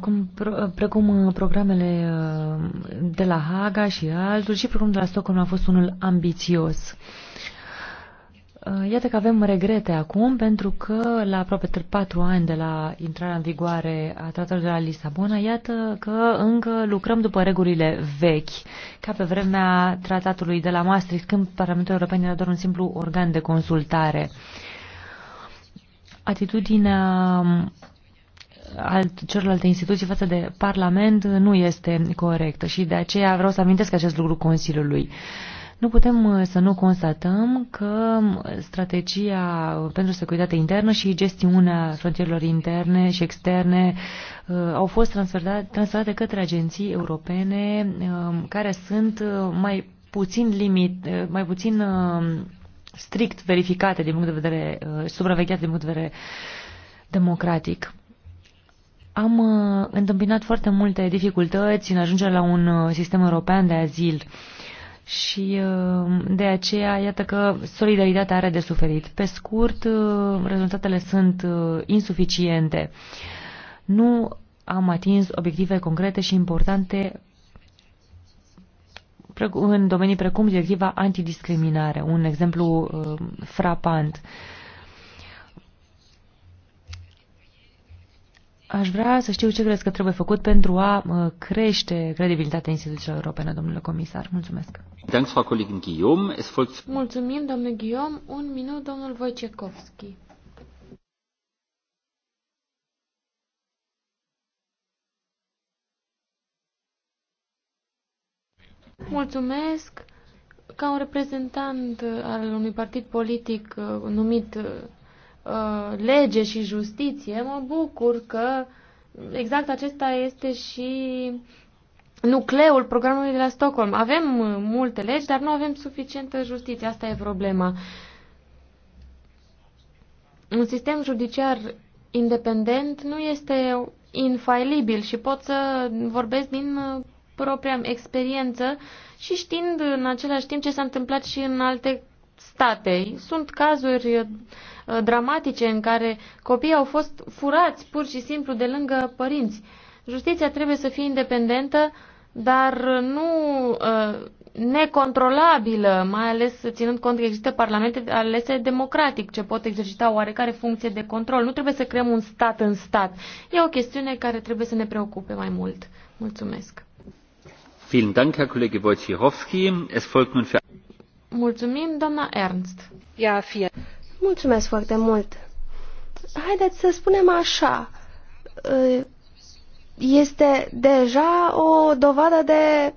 Cum, precum uh, programele de la Haga și altul și programul de la Stockholm a fost unul ambițios. Uh, iată că avem regrete acum, pentru că la aproape 4 ani de la intrarea în vigoare a tratatului de la Lisabona, iată că încă lucrăm după regulile vechi, ca pe vremea tratatului de la Maastricht, când Parlamentul European era doar un simplu organ de consultare. Atitudinea um, al celorlalte instituții față de Parlament nu este corectă și de aceea vreau să amintesc acest lucru Consiliului. Uh, nu putem uh, să nu constatăm că um, strategia pentru securitate internă și gestiunea frontierelor interne și externe uh, au fost transferate către agenții europene um, care sunt uh, mai puțin limit, mai puțin um, strict verificate din punct de vedere, supravegheate din punct de vedere democratic. Am întâmpinat foarte multe dificultăți în ajungerea la un sistem european de azil și uh, de aceea, iată că solidaritatea are de suferit. Pe scurt, uh, rezultatele sunt uh, insuficiente. Nu am atins obiective concrete și importante în domenii precum directiva antidiscriminare, un exemplu frapant. Aș vrea să știu ce crezi că trebuie făcut pentru a uh, crește credibilitatea instituțiilor europene, domnule comisar. Mulțumesc. Mulțumim, domnule Guillaume. Un minut, domnul Wojciechowski. Mulțumesc. Ca un reprezentant al unui partid politic uh, numit uh, Uh, lege și justiție, mă bucur că exact acesta este și nucleul programului de la Stockholm. Avem uh, multe legi, dar nu avem suficientă justiție. Asta e problema. Un sistem judiciar independent nu este infailibil și pot să vorbesc din uh, propria experiență și știind în același timp ce s-a întâmplat și în alte state. Sunt cazuri Uh, dramatice în care copiii au fost furați pur și simplu de lângă părinți. Justiția trebuie să fie independentă, dar nu uh, necontrolabilă, mai ales ținând cont că există parlamente alese democratic ce pot exercita oarecare funcție de control. Nu trebuie să creăm un stat în stat. E o chestiune care trebuie să ne preocupe mai mult. Mulțumesc. Mulțumim, doamna Ernst. Ja, vielen. Mulțumesc foarte mult. Haideți să spunem așa. Uh, este deja o dovadă de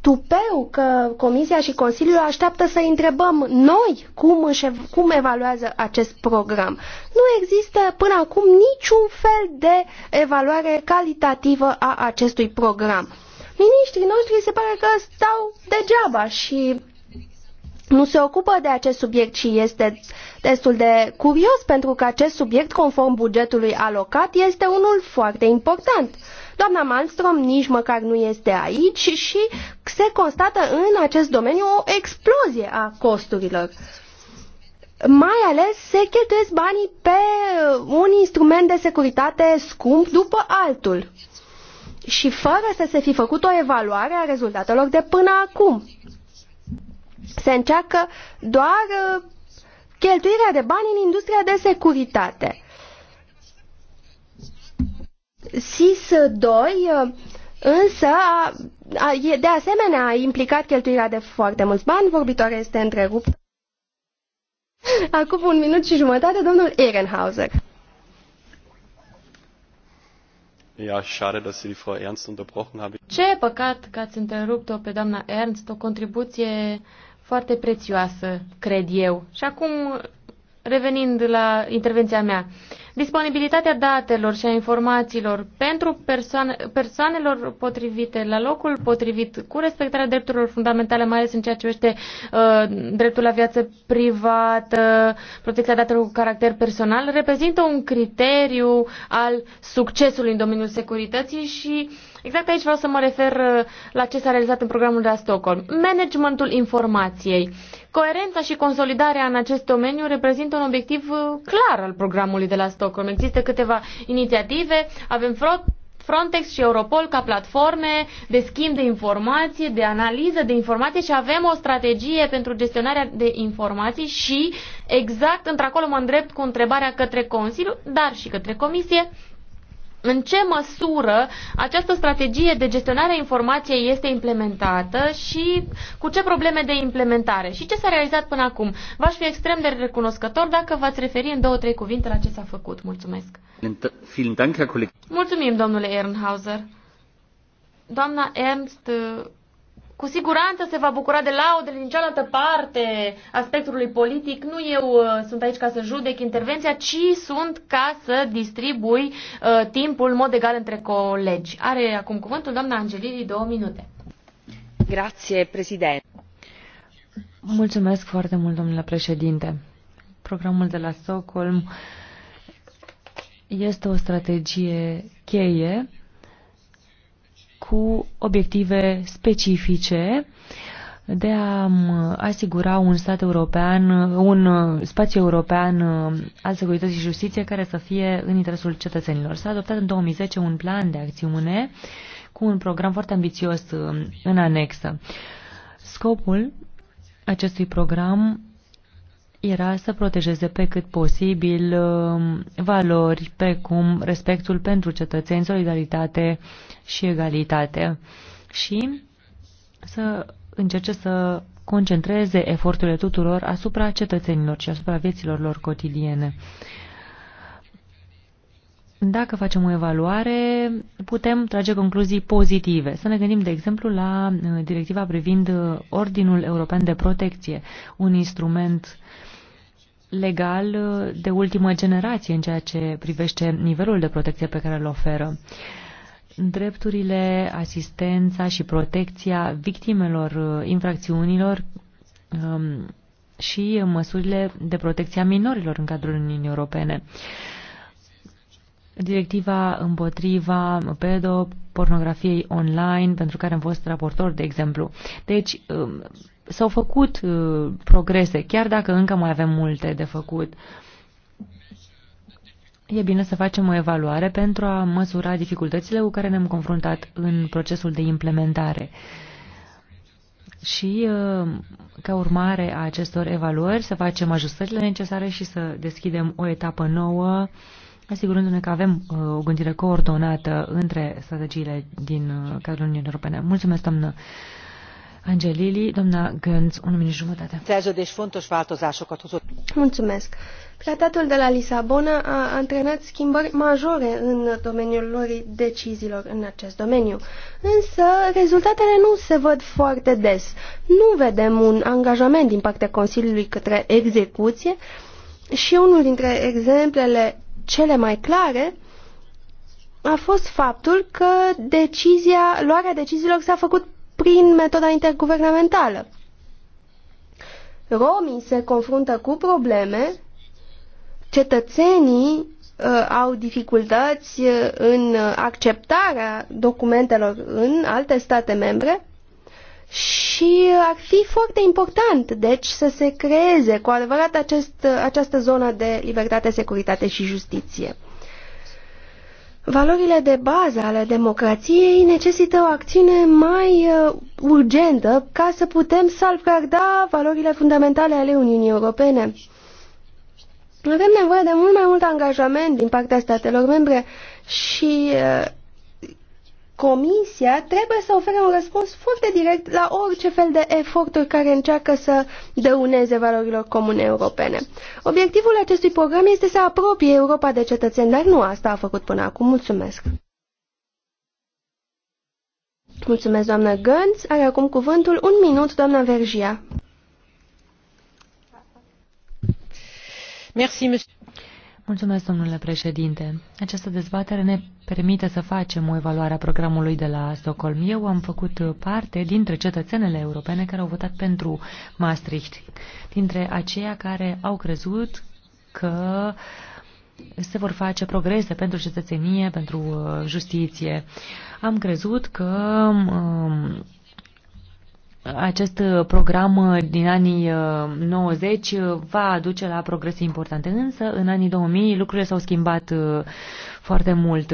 tupeu că Comisia și Consiliul așteaptă să întrebăm noi cum, își, cum evaluează acest program. Nu există până acum niciun fel de evaluare calitativă a acestui program. Ministrii noștri se pare că stau degeaba și nu se ocupă de acest subiect și este destul de curios pentru că acest subiect, conform bugetului alocat, este unul foarte important. Doamna Malmström nici măcar nu este aici și se constată în acest domeniu o explozie a costurilor. Mai ales se cheltuiesc banii pe uh, un instrument de securitate scump după altul și fără să se fi făcut o evaluare a rezultatelor de până acum se încearcă doar uh, cheltuirea de bani în industria de securitate. SIS-2 uh, însă a, a, de asemenea a implicat cheltuirea de foarte mulți bani, vorbitoare este întrerupt. Acum un minut și jumătate, domnul Ehrenhauser. Ja, schade, dass Sie die Frau Ernst unterbrochen haben. Ce păcat că ați întrerupt-o pe doamna Ernst, o contribuție uh, foarte prețioasă, cred eu. Și acum, revenind la intervenția mea, disponibilitatea datelor și a informațiilor pentru persoane, persoanelor potrivite, la locul potrivit, cu respectarea drepturilor fundamentale, mai ales în ceea ce este uh, dreptul la viață privată, protecția datelor cu caracter personal, reprezintă un criteriu al succesului în domeniul securității și Exact aici vreau să mă refer uh, la ce s-a realizat în programul de la Stockholm. Managementul informației. Coerența și consolidarea în acest domeniu reprezintă un obiectiv uh, clar al programului de la Stockholm. Există câteva inițiative, avem frot, Frontex și Europol ca platforme de schimb de informație, de analiză de informație și avem o strategie pentru gestionarea de informații și exact într-acolo mă îndrept cu întrebarea către Consiliu, dar și către Comisie în ce măsură această strategie de gestionare a informației este implementată și cu ce probleme de implementare și ce s-a realizat până acum. V-aș fi extrem de recunoscător dacă v-ați referi în două, trei cuvinte la ce s-a făcut. Mulțumesc. Mulțumim, domnule Ehrenhauser. Doamna Ernst cu siguranță se va bucura de laudele din cealaltă parte a spectrului politic. Nu eu uh, sunt aici ca să judec intervenția, ci sunt ca să distribui uh, timpul în mod egal între colegi. Are acum cuvântul doamna Angelini, două minute. Grație, președinte. Mulțumesc foarte mult, domnule președinte. Programul de la Stockholm este o strategie cheie cu obiective specifice de a asigura un stat european, un spațiu european uh, al securității și justiție care să fie în interesul cetățenilor. S-a adoptat în 2010 un plan de acțiune cu un program foarte ambițios uh, în anexă. Scopul acestui program era să protejeze pe cât posibil um, valori precum respectul pentru cetățeni, solidaritate și egalitate și să încerce să concentreze eforturile tuturor asupra cetățenilor și asupra vieților lor cotidiene. Dacă facem o evaluare, putem trage concluzii pozitive. Să ne gândim, de exemplu, la uh, directiva privind uh, Ordinul European de Protecție, un instrument uh, legal uh, de ultimă generație în ceea ce privește nivelul de protecție pe care îl oferă. Drepturile, asistența și protecția victimelor uh, infracțiunilor um, și măsurile de protecție a minorilor în cadrul Uniunii Europene. Directiva împotriva pedopornografiei online, pentru care am fost raportor, de exemplu. Deci, um, s-au făcut uh, progrese, chiar dacă încă mai avem multe de făcut. E bine să facem o evaluare pentru a măsura dificultățile cu care ne-am confruntat în procesul de implementare. Și uh, ca urmare a acestor evaluări să facem ajustările necesare și să deschidem o etapă nouă, asigurându-ne că avem uh, o gândire coordonată între strategiile din cadrul Uniunii Europene. Mulțumesc, doamnă! Angelili, doamna Gânț, un minut jumătate. Mulțumesc. Tratatul de la Lisabona a antrenat schimbări majore în domeniul lor deciziilor în acest domeniu. Însă, rezultatele nu se văd foarte des. Nu vedem un angajament din partea Consiliului către execuție și unul dintre exemplele cele mai clare a fost faptul că decizia, luarea deciziilor s-a făcut prin metoda interguvernamentală. Romii se confruntă cu probleme, cetățenii uh, au dificultăți uh, în acceptarea documentelor în alte state membre și ar fi foarte important, deci, să se creeze cu adevărat acest, această zonă de libertate, securitate și justiție. Valorile de bază ale democrației necesită o acțiune mai uh, urgentă ca să putem salvgarda valorile fundamentale ale Uniunii Europene. Avem nevoie de mult mai mult angajament din partea statelor membre și uh, Comisia trebuie să ofere un răspuns foarte direct la orice fel de eforturi care încearcă să dăuneze valorilor comune europene. Obiectivul acestui program este să apropie Europa de cetățeni, dar nu asta a făcut până acum. Mulțumesc! Mulțumesc, doamnă Gânț. Are acum cuvântul un minut, doamna Vergia. Merci, monsieur. Mulțumesc, domnule președinte. Această dezbatere ne permite să facem o evaluare a programului de la Stockholm. Eu am făcut parte dintre cetățenele europene care au votat pentru Maastricht, dintre aceia care au crezut că se vor face progrese pentru cetățenie, pentru uh, justiție. Am crezut că um, acest uh, program uh, din anii 90 uh, va aduce la progrese importante, însă în anii 2000 lucrurile s-au schimbat foarte mult.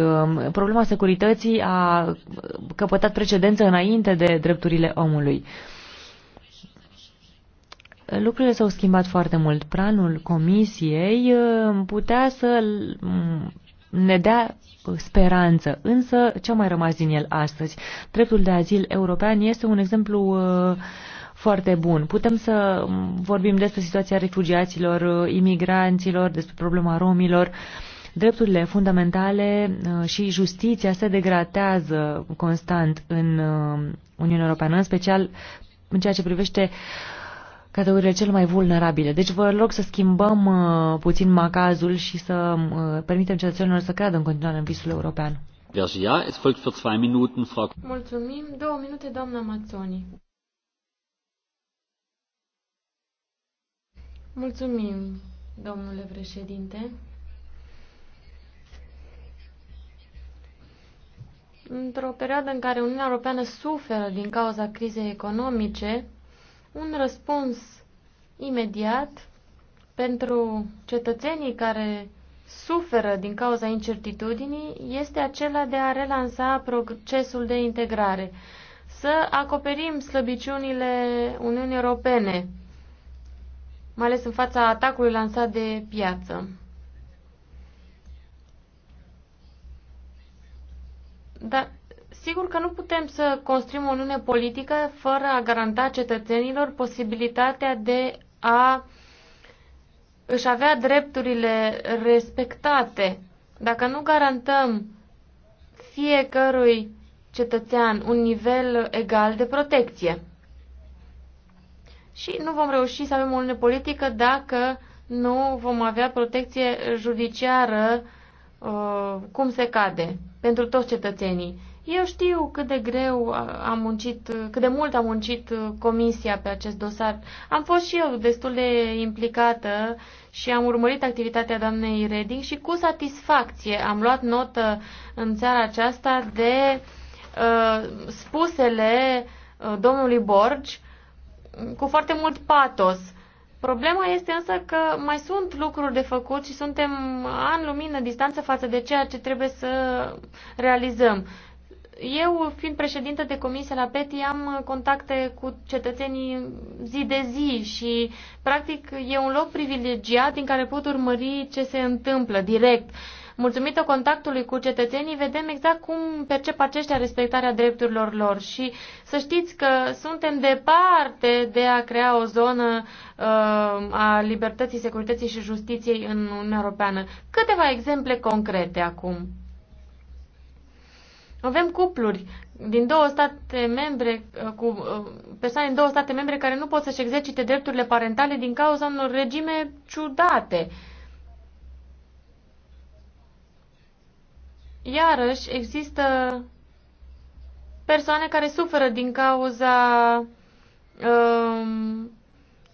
Problema securității a căpătat precedență înainte de drepturile omului. Lucrurile s-au schimbat foarte mult. Planul comisiei putea să ne dea uh, speranță, însă ce a mai rămas din el astăzi? Dreptul de azil european este un exemplu uh, foarte bun. Putem să mm, vorbim despre situația refugiaților, uh, imigranților, despre problema romilor. Drepturile fundamentale și justiția se degratează constant în Uniunea Europeană, în special în ceea ce privește categoriile cel mai vulnerabile. Deci vă rog să schimbăm uh, puțin macazul și să uh, permitem cetățenilor să creadă în continuare în visul european. Mulțumim. Două minute, doamna Mazzoni. Mulțumim, domnule președinte. Într-o perioadă în care Uniunea Europeană suferă din cauza crizei economice, un răspuns imediat pentru cetățenii care suferă din cauza incertitudinii este acela de a relansa procesul de integrare, să acoperim slăbiciunile Uniunii Europene, mai ales în fața atacului lansat de piață. Dar Sigur că nu putem să construim o uniune politică fără a garanta cetățenilor posibilitatea de a își avea drepturile respectate. Dacă nu garantăm fiecărui cetățean un nivel egal de protecție. Și nu vom reuși să avem o uniune politică dacă nu vom avea protecție judiciară uh, cum se cade pentru toți cetățenii. Eu știu cât de greu uh, am muncit, uh, cât de mult am muncit uh, comisia pe acest dosar. Am fost și eu destul de implicată și am urmărit activitatea doamnei Reding și cu satisfacție am luat notă în țara aceasta de uh, spusele uh, domnului Borg cu foarte mult patos. Problema este însă că mai sunt lucruri de făcut și suntem an lumină distanță față de ceea ce trebuie să realizăm. Eu, fiind președintă de comisie la PETI, am contacte cu cetățenii zi de zi și, practic, e un loc privilegiat din care pot urmări ce se întâmplă direct. Mulțumită contactului cu cetățenii, vedem exact cum percep aceștia respectarea drepturilor lor și să știți că suntem departe de a crea o zonă uh, a libertății, securității și justiției în Uniunea Europeană. Câteva exemple concrete acum. Avem cupluri din două state membre, uh, cu uh, persoane din două state membre care nu pot să-și exercite drepturile parentale din cauza unor regime ciudate. Iarăși există persoane care suferă din cauza um,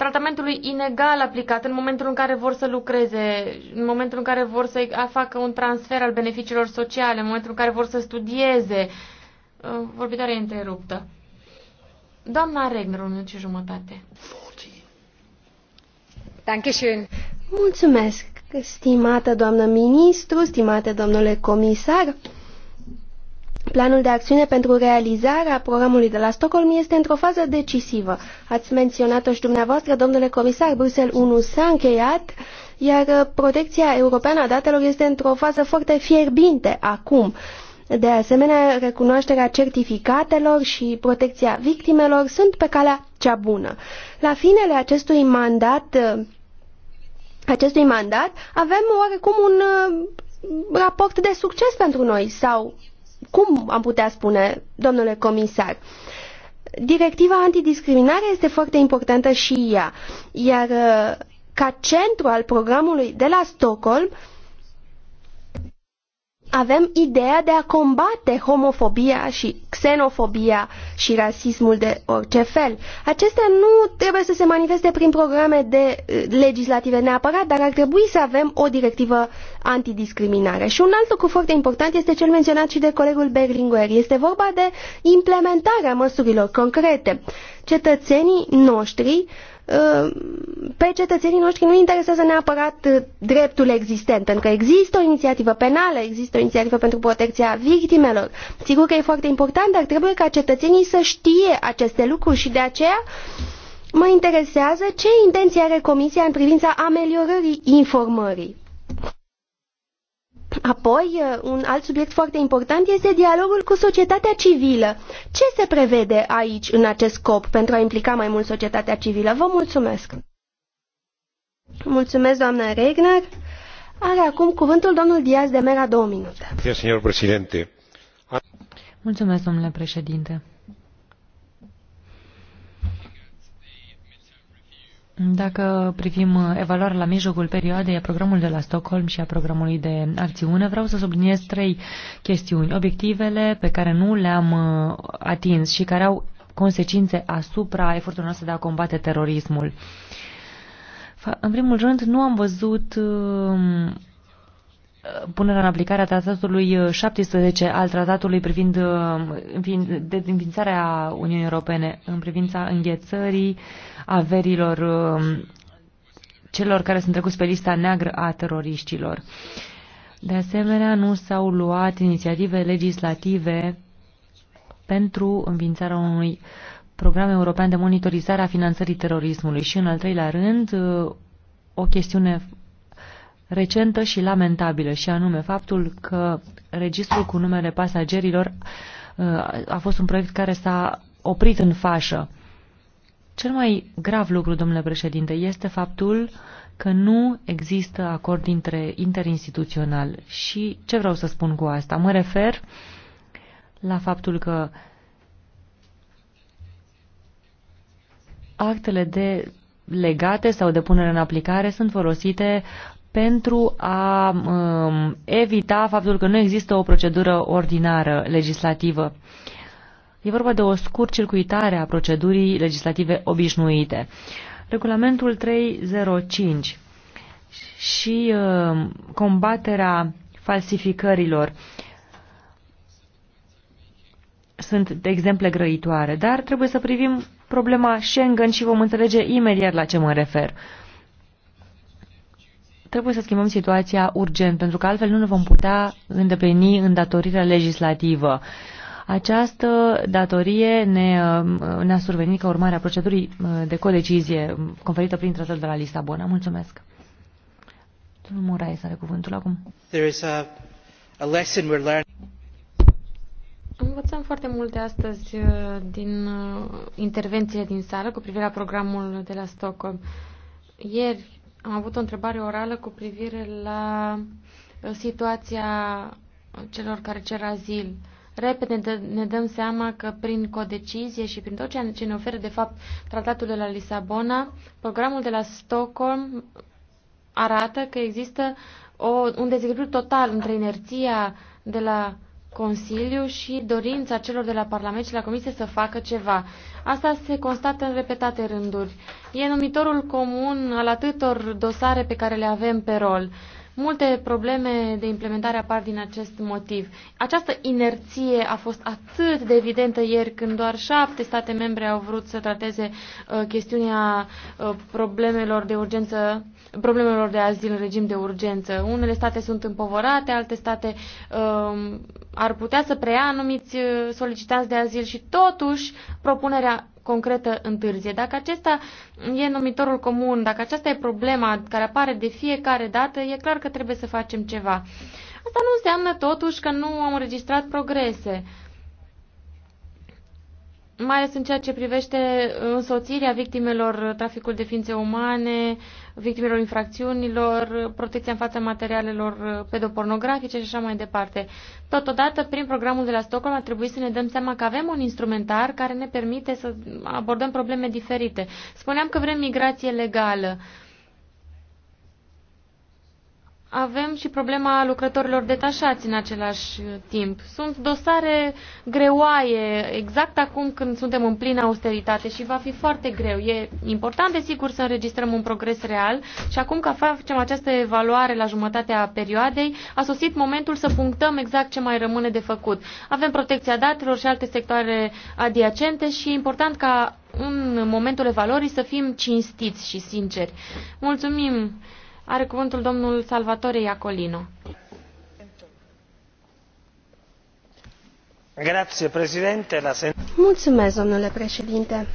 tratamentului inegal aplicat în momentul în care vor să lucreze, în momentul în care vor să facă un transfer al beneficiilor sociale, în momentul în care vor să studieze. Uh, vorbitoarea întreruptă. Doamna Regner, un minut și jumătate. Mulțumesc, stimată doamnă ministru, stimate domnule comisar. Planul de acțiune pentru realizarea programului de la Stockholm este într-o fază decisivă. Ați menționat-o și dumneavoastră, domnule comisar, Bruxelles 1 s-a încheiat, iar uh, protecția europeană a datelor este într-o fază foarte fierbinte acum. De asemenea, recunoașterea certificatelor și protecția victimelor sunt pe calea cea bună. La finele acestui mandat, uh, acestui mandat avem oarecum un uh, raport de succes pentru noi sau cum am putea spune, domnule comisar? Directiva antidiscriminare este foarte importantă și ea, iar uh, ca centru al programului de la Stockholm avem ideea de a combate homofobia și xenofobia și rasismul de orice fel. Acestea nu trebuie să se manifeste prin programe de uh, legislative neapărat, dar ar trebui să avem o directivă antidiscriminare. Și un alt lucru foarte important este cel menționat și de colegul Berlinguer. Este vorba de implementarea măsurilor concrete. Cetățenii noștri Uh, pe cetățenii noștri nu interesează neapărat uh, dreptul existent, pentru că există o inițiativă penală, există o inițiativă pentru protecția victimelor. Sigur că e foarte important, dar trebuie ca cetățenii să știe aceste lucruri și de aceea mă interesează ce intenție are Comisia în privința ameliorării informării. Apoi, uh, un alt subiect foarte important este dialogul cu societatea civilă. Ce se prevede aici, în acest scop, pentru a implica mai mult societatea civilă? Vă mulțumesc! Mulțumesc, doamna Regner. Are acum cuvântul domnul Diaz de Mera două minute. Mulțumesc, domnule președinte. Dacă privim uh, evaluarea la mijlocul perioadei a programului de la Stockholm și a programului de acțiune, vreau să subliniez trei chestiuni. Obiectivele pe care nu le-am uh, atins și care au consecințe asupra efortului nostru de a combate terorismul. În primul rând, nu am văzut um, Uh, punerea în aplicare a tratatului 17 uh, al tratatului privind uh, dezinființarea Uniunii Europene în privința înghețării averilor um, celor care sunt trecuți pe lista neagră a teroriștilor. De asemenea, nu s-au luat inițiative legislative pentru înființarea unui program european de monitorizare a finanțării terorismului și, în al treilea rând, o chestiune recentă și lamentabilă, și anume faptul că registrul cu numele pasagerilor uh, a fost un proiect care s-a oprit în fașă. Cel mai grav lucru, domnule președinte, este faptul că nu există acord dintre interinstituțional. Și ce vreau să spun cu asta? Mă refer la faptul că actele de legate sau de punere în aplicare sunt folosite pentru a um, evita faptul că nu există o procedură ordinară legislativă. E vorba de o scurt circuitare a procedurii legislative obișnuite. Regulamentul 305 și uh, combaterea falsificărilor sunt exemple grăitoare, dar trebuie să privim problema Schengen și vom înțelege imediat la ce mă refer. Trebuie să schimbăm situația urgent, pentru că altfel nu ne vom putea îndeplini îndatorirea legislativă. Această datorie ne, uh, ne survenit ca urmare a procedurii uh, de codecizie um, conferită prin tratatul de la Lisabona. Mulțumesc. Domnul Moraes are cuvântul acum. Învățăm foarte multe astăzi uh, din intervențiile din sală cu privire la programul de la Stockholm. Ieri am avut o întrebare orală cu privire la uh, situația celor care cer azil. Repede ne dăm seama că prin codecizie și prin tot ceea ce ne oferă, de fapt, tratatul de la Lisabona, programul de la Stockholm arată că există o, un dezechilibru total între inerția de la Consiliu și dorința celor de la Parlament și la Comisie să facă ceva. Asta se constată în repetate rânduri. E numitorul comun al atâtor dosare pe care le avem pe rol. Multe probleme de implementare apar din acest motiv. Această inerție a fost atât de evidentă ieri când doar șapte state membre au vrut să trateze uh, chestiunea uh, problemelor de urgență problemelor de azil în regim de urgență. Unele state sunt împovorate, alte state uh, ar putea să preia anumiți uh, solicitați de azil și totuși propunerea concretă întârzie. Dacă acesta e numitorul comun, dacă aceasta e problema care apare de fiecare dată, e clar că trebuie să facem ceva. Asta nu înseamnă totuși că nu am înregistrat progrese mai ales în ceea ce privește însoțirea victimelor traficul de ființe umane, victimelor infracțiunilor, protecția în fața materialelor pedopornografice și așa mai departe. Totodată, prin programul de la Stockholm a trebuit să ne dăm seama că avem un instrumentar care ne permite să abordăm probleme diferite. Spuneam că vrem migrație legală. Uh, avem și problema lucrătorilor detașați în același uh, timp. Sunt dosare greoaie, exact acum când suntem în plină austeritate și va fi foarte greu. E important, desigur, să înregistrăm un progres real și acum că facem această evaluare la jumătatea perioadei, a sosit momentul să punctăm exact ce mai rămâne de făcut. Avem protecția datelor și alte sectoare adiacente și e important ca în momentul evaluării să fim cinstiți și sinceri. Mulțumim! Are cuvântul domnul Salvatore Iacolino. Grazie, președinte. La sen- Mulțumesc, domnule președinte.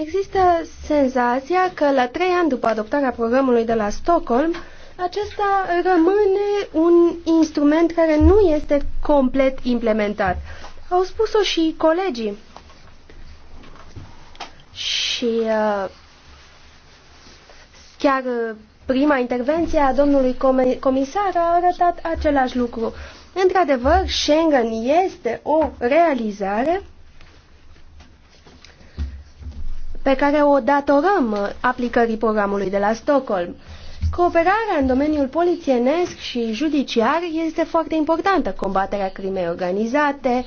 Există senzația că la trei ani după adoptarea programului de la Stockholm, acesta rămâne un instrument care nu este complet implementat. Au spus-o și colegii. Și uh, Chiar uh, prima intervenție a domnului comisar a arătat același lucru. Într-adevăr, Schengen este o realizare pe care o datorăm aplicării programului de la Stockholm. Cooperarea în domeniul polițienesc și judiciar este foarte importantă, combaterea crimei organizate,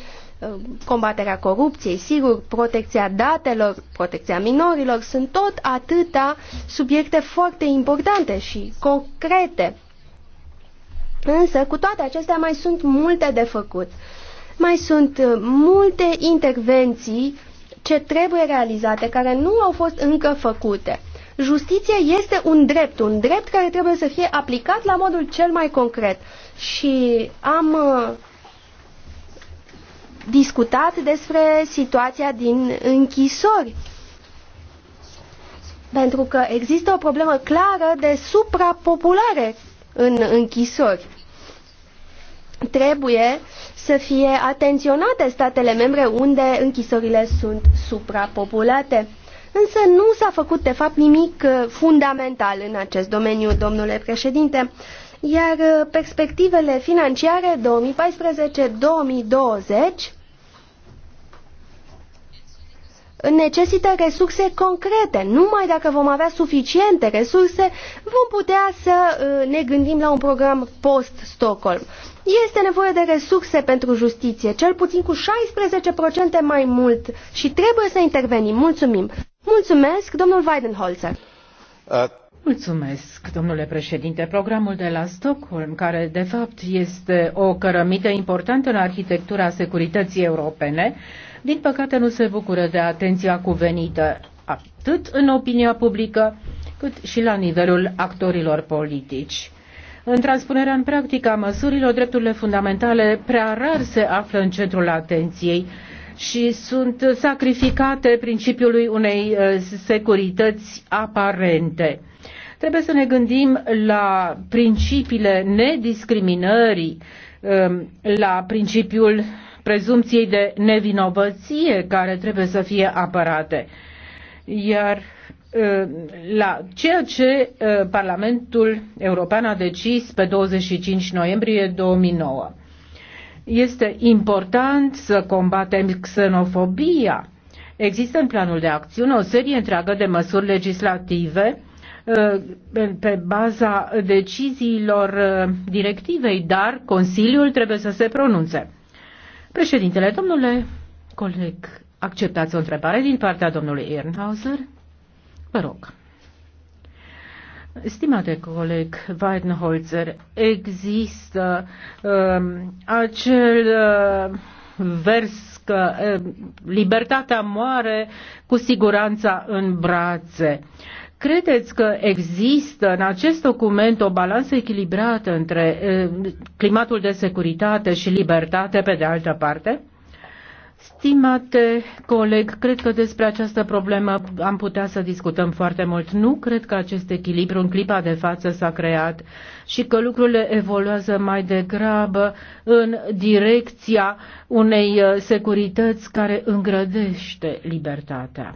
combaterea corupției, sigur, protecția datelor, protecția minorilor, sunt tot atâta subiecte foarte importante și concrete. Însă, cu toate acestea, mai sunt multe de făcut. Mai sunt uh, multe intervenții ce trebuie realizate, care nu au fost încă făcute. Justiția este un drept, un drept care trebuie să fie aplicat la modul cel mai concret. Și am uh, discutat despre situația din închisori. Pentru că există o problemă clară de suprapopulare în închisori. Trebuie să fie atenționate statele membre unde închisorile sunt suprapopulate. Însă nu s-a făcut de fapt nimic uh, fundamental în acest domeniu, domnule președinte iar uh, perspectivele financiare 2014-2020 necesită resurse concrete. Numai dacă vom avea suficiente resurse, vom putea să uh, ne gândim la un program post-Stockholm. Este nevoie de resurse pentru justiție, cel puțin cu 16% mai mult și trebuie să intervenim. Mulțumim! Mulțumesc, domnul Weidenholzer! Uh Mulțumesc, domnule președinte. Programul de la Stockholm, care de fapt este o cărămită importantă în arhitectura securității europene, din păcate nu se bucură de atenția cuvenită atât în opinia publică, cât și la nivelul actorilor politici. În transpunerea în practică a măsurilor, drepturile fundamentale prea rar se află în centrul atenției și sunt sacrificate principiului unei eh, securități aparente Trebuie să ne gândim la principiile nediscriminării, um, la principiul prezumției de nevinovăție care trebuie să fie apărate. Iar um, la ceea ce uh, Parlamentul European a decis pe 25 noiembrie 2009. Este important să combatem xenofobia. Există în planul de acțiune o serie întreagă de măsuri legislative pe baza deciziilor uh, directivei, dar Consiliul trebuie să se pronunțe. Președintele, domnule coleg, acceptați o întrebare din partea domnului Ehrenhauser? Vă rog. Stimate coleg Weidenholzer, există uh, acel uh, vers că uh, libertatea moare cu siguranța în brațe. Uh, Credeți că există în acest document o balanță echilibrată între climatul de securitate și libertate pe de altă parte? Stimate coleg, cred că despre această problemă am putea să discutăm foarte mult. Nu cred că acest echilibru în clipa de față s-a creat și că lucrurile evoluează mai degrabă în direcția unei securități care îngrădește libertatea.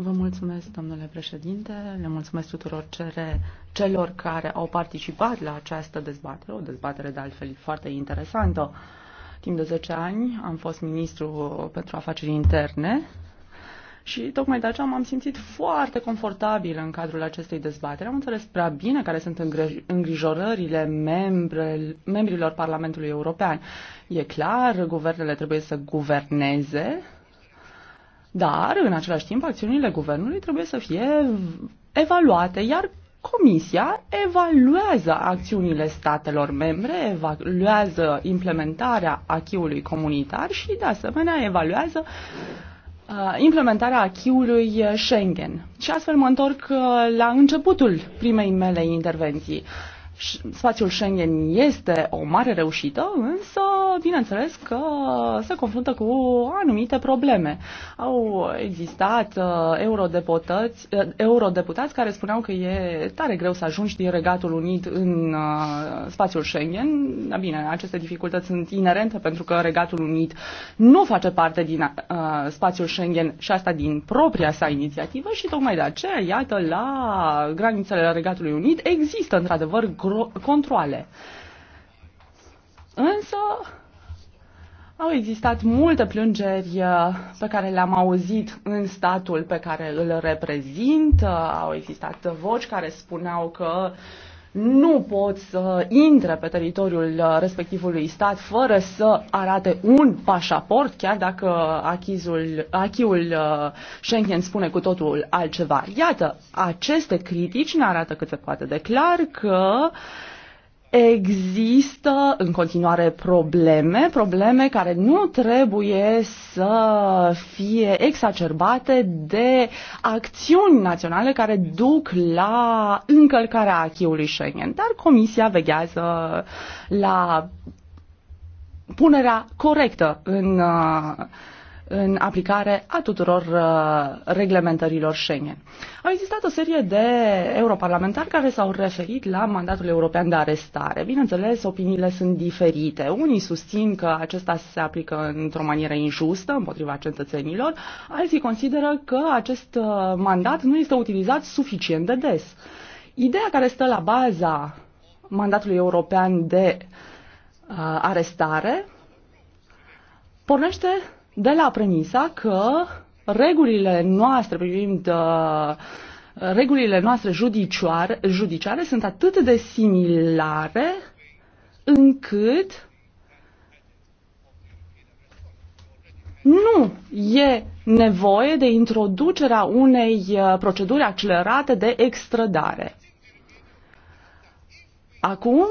Vă mulțumesc, domnule președinte, le mulțumesc tuturor cere, celor care au participat la această dezbatere, o dezbatere de altfel foarte interesantă. Timp de 10 ani am fost ministru pentru afaceri interne și tocmai de aceea m-am simțit foarte confortabil în cadrul acestei dezbatere. Am înțeles prea bine care sunt îngrijorările membre, membrilor Parlamentului European. E clar, guvernele trebuie să guverneze, dar, în același timp, acțiunile guvernului trebuie să fie evaluate, iar Comisia evaluează acțiunile statelor membre, evaluează implementarea achiului comunitar și, de asemenea, evaluează uh, implementarea achiului Schengen. Și astfel mă întorc uh, la începutul primei mele intervenții spațiul Schengen este o mare reușită, însă, bineînțeles că se confruntă cu anumite probleme. Au existat uh, eurodeputați, uh, eurodeputați care spuneau că e tare greu să ajungi din Regatul Unit în uh, spațiul Schengen. Da, bine, aceste dificultăți sunt inerente pentru că Regatul Unit nu face parte din uh, spațiul Schengen și asta din propria sa inițiativă și tocmai de aceea, iată, la granițele Regatului Unit există într-adevăr controle. Însă, au existat multe plângeri uh, pe care le-am auzit în statul pe care îl reprezint. Uh, au existat voci care spuneau că uh, nu pot să intre pe teritoriul uh, respectivului stat fără să arate un pașaport, chiar dacă achizul, achiul uh, Schengen spune cu totul altceva. Iată, aceste critici ne arată cât se poate de clar că uh, există în continuare probleme, probleme care nu trebuie să fie exacerbate de acțiuni naționale care duc la încălcarea acquis Schengen. Dar Comisia veghează la punerea corectă în uh, în aplicare a tuturor uh, reglementărilor Schengen. Au existat o serie de europarlamentari care s-au referit la mandatul european de arestare. Bineînțeles, opiniile sunt diferite. Unii susțin că acesta se aplică într-o manieră injustă împotriva cetățenilor, alții consideră că acest uh, mandat nu este utilizat suficient de des. Ideea care stă la baza mandatului european de uh, arestare pornește de la premisa că regulile noastre privind uh, regulile noastre judiciare, judiciare sunt atât de similare încât nu e nevoie de introducerea unei uh, proceduri accelerate de extradare. Acum,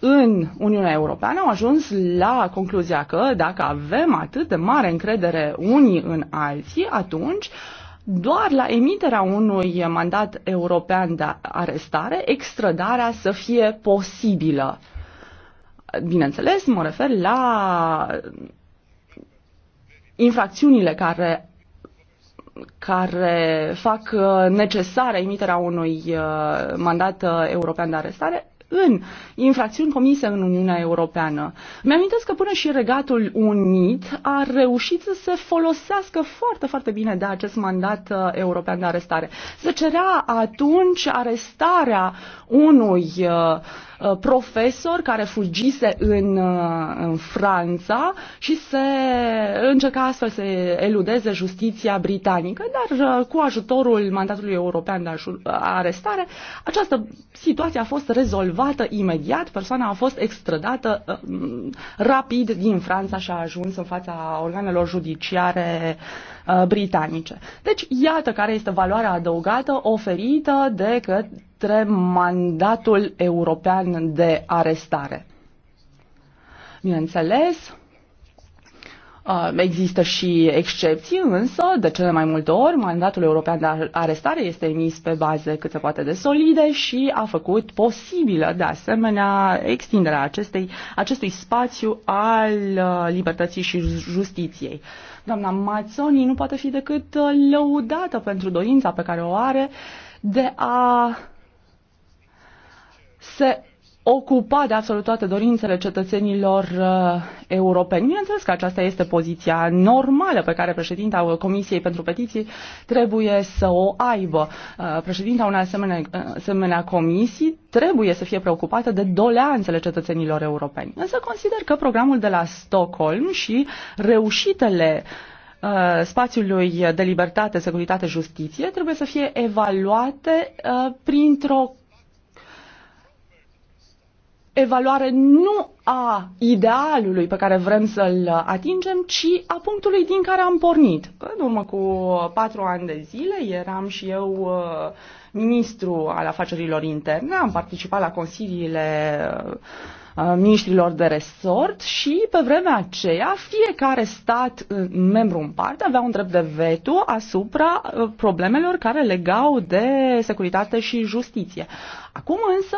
în Uniunea Europeană au ajuns la concluzia că dacă avem atât de mare încredere unii în alții, atunci doar la emiterea unui mandat european de arestare, extradarea să fie posibilă. Bineînțeles, mă refer la infracțiunile care care fac necesară emiterea unui uh, mandat uh, european de arestare în infracțiuni comise în Uniunea Europeană. Mi-amintesc că până și Regatul Unit a reușit să se folosească foarte, foarte bine de acest mandat uh, european de arestare. Se cerea atunci arestarea unui uh, Uh, profesor care fugise în, uh, în Franța și se încerca astfel să eludeze justiția britanică, dar uh, cu ajutorul mandatului european de arestare, această situație a fost rezolvată imediat, persoana a fost extradată mm, rapid din Franța și a ajuns în fața organelor judiciare britanice. Deci, iată care este valoarea adăugată oferită de că către mandatul european de arestare. Bineînțeles, uh, Există și excepții, însă, de cele mai multe ori, mandatul european de arestare este emis pe baze cât se poate de solide și a făcut posibilă, de asemenea, extinderea acestei, acestui spațiu al uh, libertății și justiției. Doamna Mazzoni nu poate fi decât uh, lăudată pentru dorința pe care o are de a se ocupa de absolut toate dorințele cetățenilor uh, europeni. Bineînțeles că aceasta este poziția normală pe care președinta Comisiei pentru Petiții trebuie să o aibă. Uh, președinta unei asemenea, uh, asemenea comisii trebuie să fie preocupată de doleanțele cetățenilor europeni. Însă consider că programul de la Stockholm și reușitele uh, spațiului de libertate, securitate, justiție trebuie să fie evaluate uh, printr-o evaluare nu a idealului pe care vrem să-l atingem, ci a punctului din care am pornit. În urmă cu patru ani de zile eram și eu uh, ministru al afacerilor interne, am participat la consiliile uh, Uh, miniștrilor de resort și pe vremea aceea fiecare stat uh, membru în parte avea un drept de veto asupra uh, problemelor care legau de securitate și justiție. Acum însă,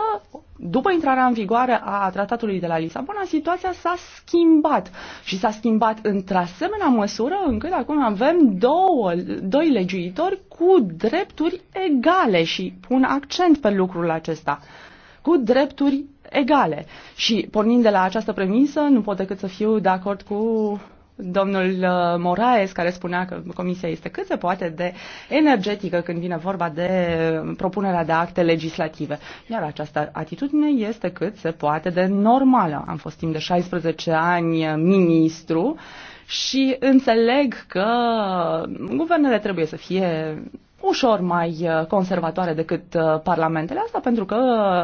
după intrarea în vigoare a tratatului de la Lisabona, situația s-a schimbat și s-a schimbat într-asemenea măsură încât acum avem două, doi legiuitori cu drepturi egale și pun accent pe lucrul acesta, cu drepturi egale. Și pornind de la această premisă, nu pot decât să fiu de acord cu domnul uh, Moraes, care spunea că Comisia este cât se poate de energetică când vine vorba de uh, propunerea de acte legislative. Iar această atitudine este cât se poate de normală. Am fost timp de 16 ani uh, ministru și înțeleg că guvernele trebuie să fie ușor mai uh, conservatoare decât uh, parlamentele. Asta pentru că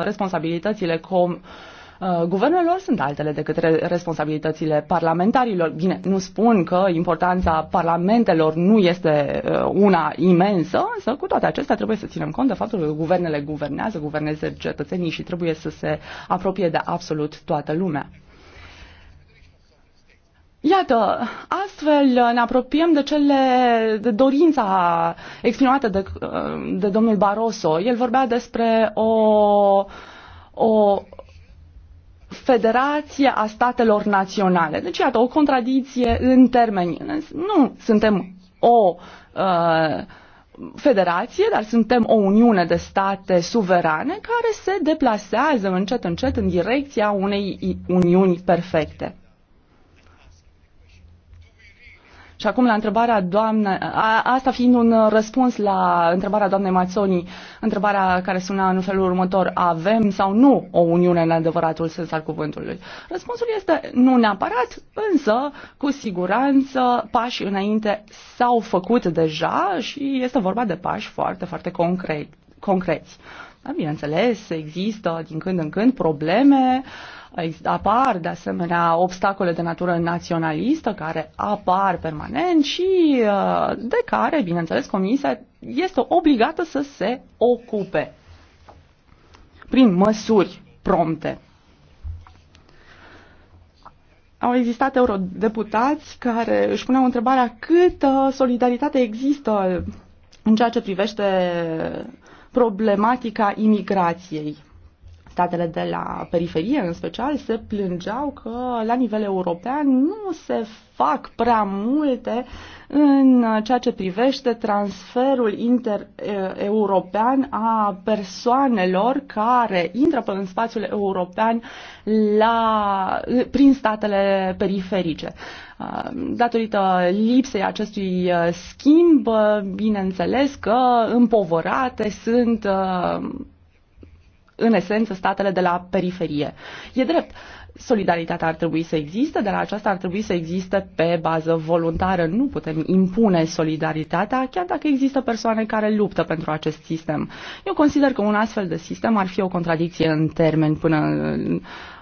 responsabilitățile com uh, guvernelor sunt altele decât responsabilitățile parlamentarilor. Bine, nu spun că importanța parlamentelor nu este una imensă, însă cu toate acestea trebuie să ținem cont de faptul că guvernele guvernează, guverneze cetățenii și trebuie să se apropie de absolut toată lumea. Iată, astfel ne apropiem de cele de dorința exprimată de, de domnul Barroso. El vorbea despre o, o federație a statelor naționale. Deci, iată, o contradicție în termeni. Nu suntem o uh, federație, dar suntem o uniune de state suverane care se deplasează încet, încet în direcția unei uniuni perfecte. Și acum la întrebarea doamnei, asta fiind un răspuns la întrebarea doamnei Mazzoni, întrebarea care suna în felul următor, avem sau nu o uniune în adevăratul sens al cuvântului? Răspunsul este nu neapărat, însă cu siguranță pași înainte s-au făcut deja și este vorba de pași foarte, foarte concreți. Da, bineînțeles, există din când în când probleme uh, Apar, de asemenea, obstacole de natură naționalistă care apar permanent și uh, de care, bineînțeles, Comisia este obligată să se ocupe prin măsuri prompte. Au existat eurodeputați care își puneau întrebarea câtă solidaritate există în ceea ce privește problematica imigrației. Statele de la periferie, în special, se plângeau că la nivel european nu se fac prea multe în ceea ce privește transferul intereuropean a persoanelor care intră în spațiul european la, prin statele periferice. Uh, datorită lipsei acestui uh, schimb, uh, bineînțeles că împovărate sunt în esență, statele de la periferie. E drept, solidaritatea ar trebui să existe, dar aceasta ar trebui să existe pe bază voluntară. Nu putem impune solidaritatea, chiar dacă există persoane care luptă pentru acest sistem. Eu consider că un astfel de sistem ar fi o contradicție în termeni până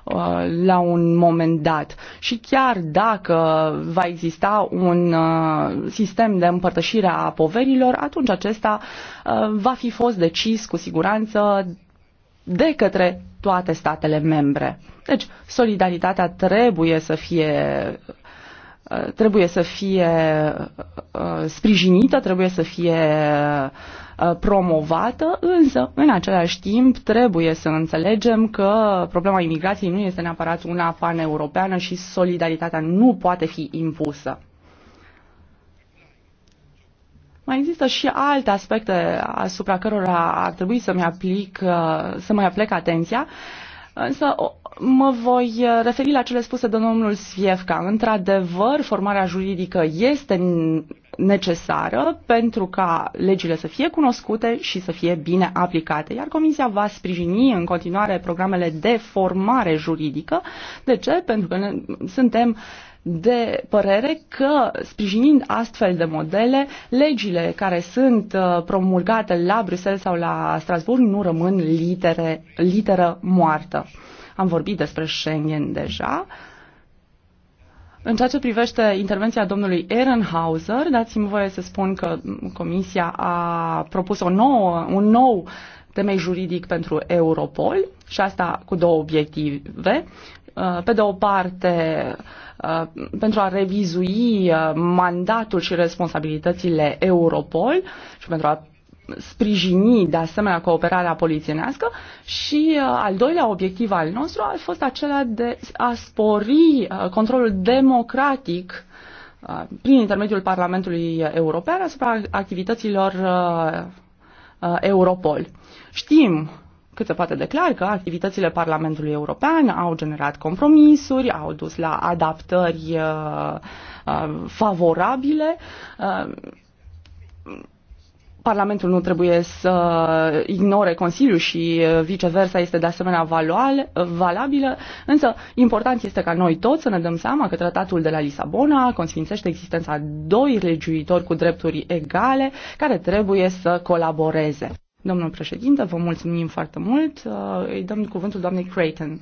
uh, la un moment dat. Și chiar dacă va exista un uh, sistem de împărtășire a poverilor, atunci acesta uh, va fi fost decis cu siguranță de către toate statele membre. Deci, solidaritatea trebuie să fie uh, trebuie să fie uh, sprijinită, trebuie să fie uh, promovată, însă, în același timp, trebuie să înțelegem că problema imigrației nu este neapărat una paneuropeană și solidaritatea nu poate fi impusă. Mai există și alte aspecte asupra cărora ar trebui să-mi aplic, uh, să mai aplec atenția, însă mă voi uh, referi la cele spuse de domnul Sviefca. Într-adevăr, formarea juridică este necesară pentru ca legile să fie cunoscute și să fie bine aplicate, iar Comisia va sprijini în continuare programele de formare juridică. De ce? Pentru că ne, suntem uh, de părere că, sprijinind astfel de modele, legile care sunt uh, promulgate la Bruxelles sau la Strasburg nu rămân litere, literă moartă. Am vorbit despre Schengen deja. În ceea ce privește intervenția domnului Ehrenhauser, dați-mi voie să spun că Comisia a propus o nouă, un nou temei juridic pentru Europol și asta cu două obiective. Uh, pe de o parte, uh, pentru a revizui uh, mandatul și responsabilitățile Europol și pentru a sprijini de asemenea cooperarea polițienească și uh, al doilea obiectiv al nostru a fost acela de a spori uh, controlul democratic uh, prin intermediul Parlamentului European asupra activităților uh, uh, Europol. Știm cât se poate de clar că activitățile Parlamentului European au generat compromisuri, au dus la adaptări uh, uh, favorabile. Uh, Parlamentul nu trebuie să ignore Consiliul și viceversa este de asemenea valabilă, însă important este ca noi toți să ne dăm seama că tratatul de la Lisabona consfințește existența doi legiuitori cu drepturi egale care trebuie să colaboreze. Domnul președinte, vă mulțumim foarte mult. Uh, îi dăm cuvântul doamnei Creighton.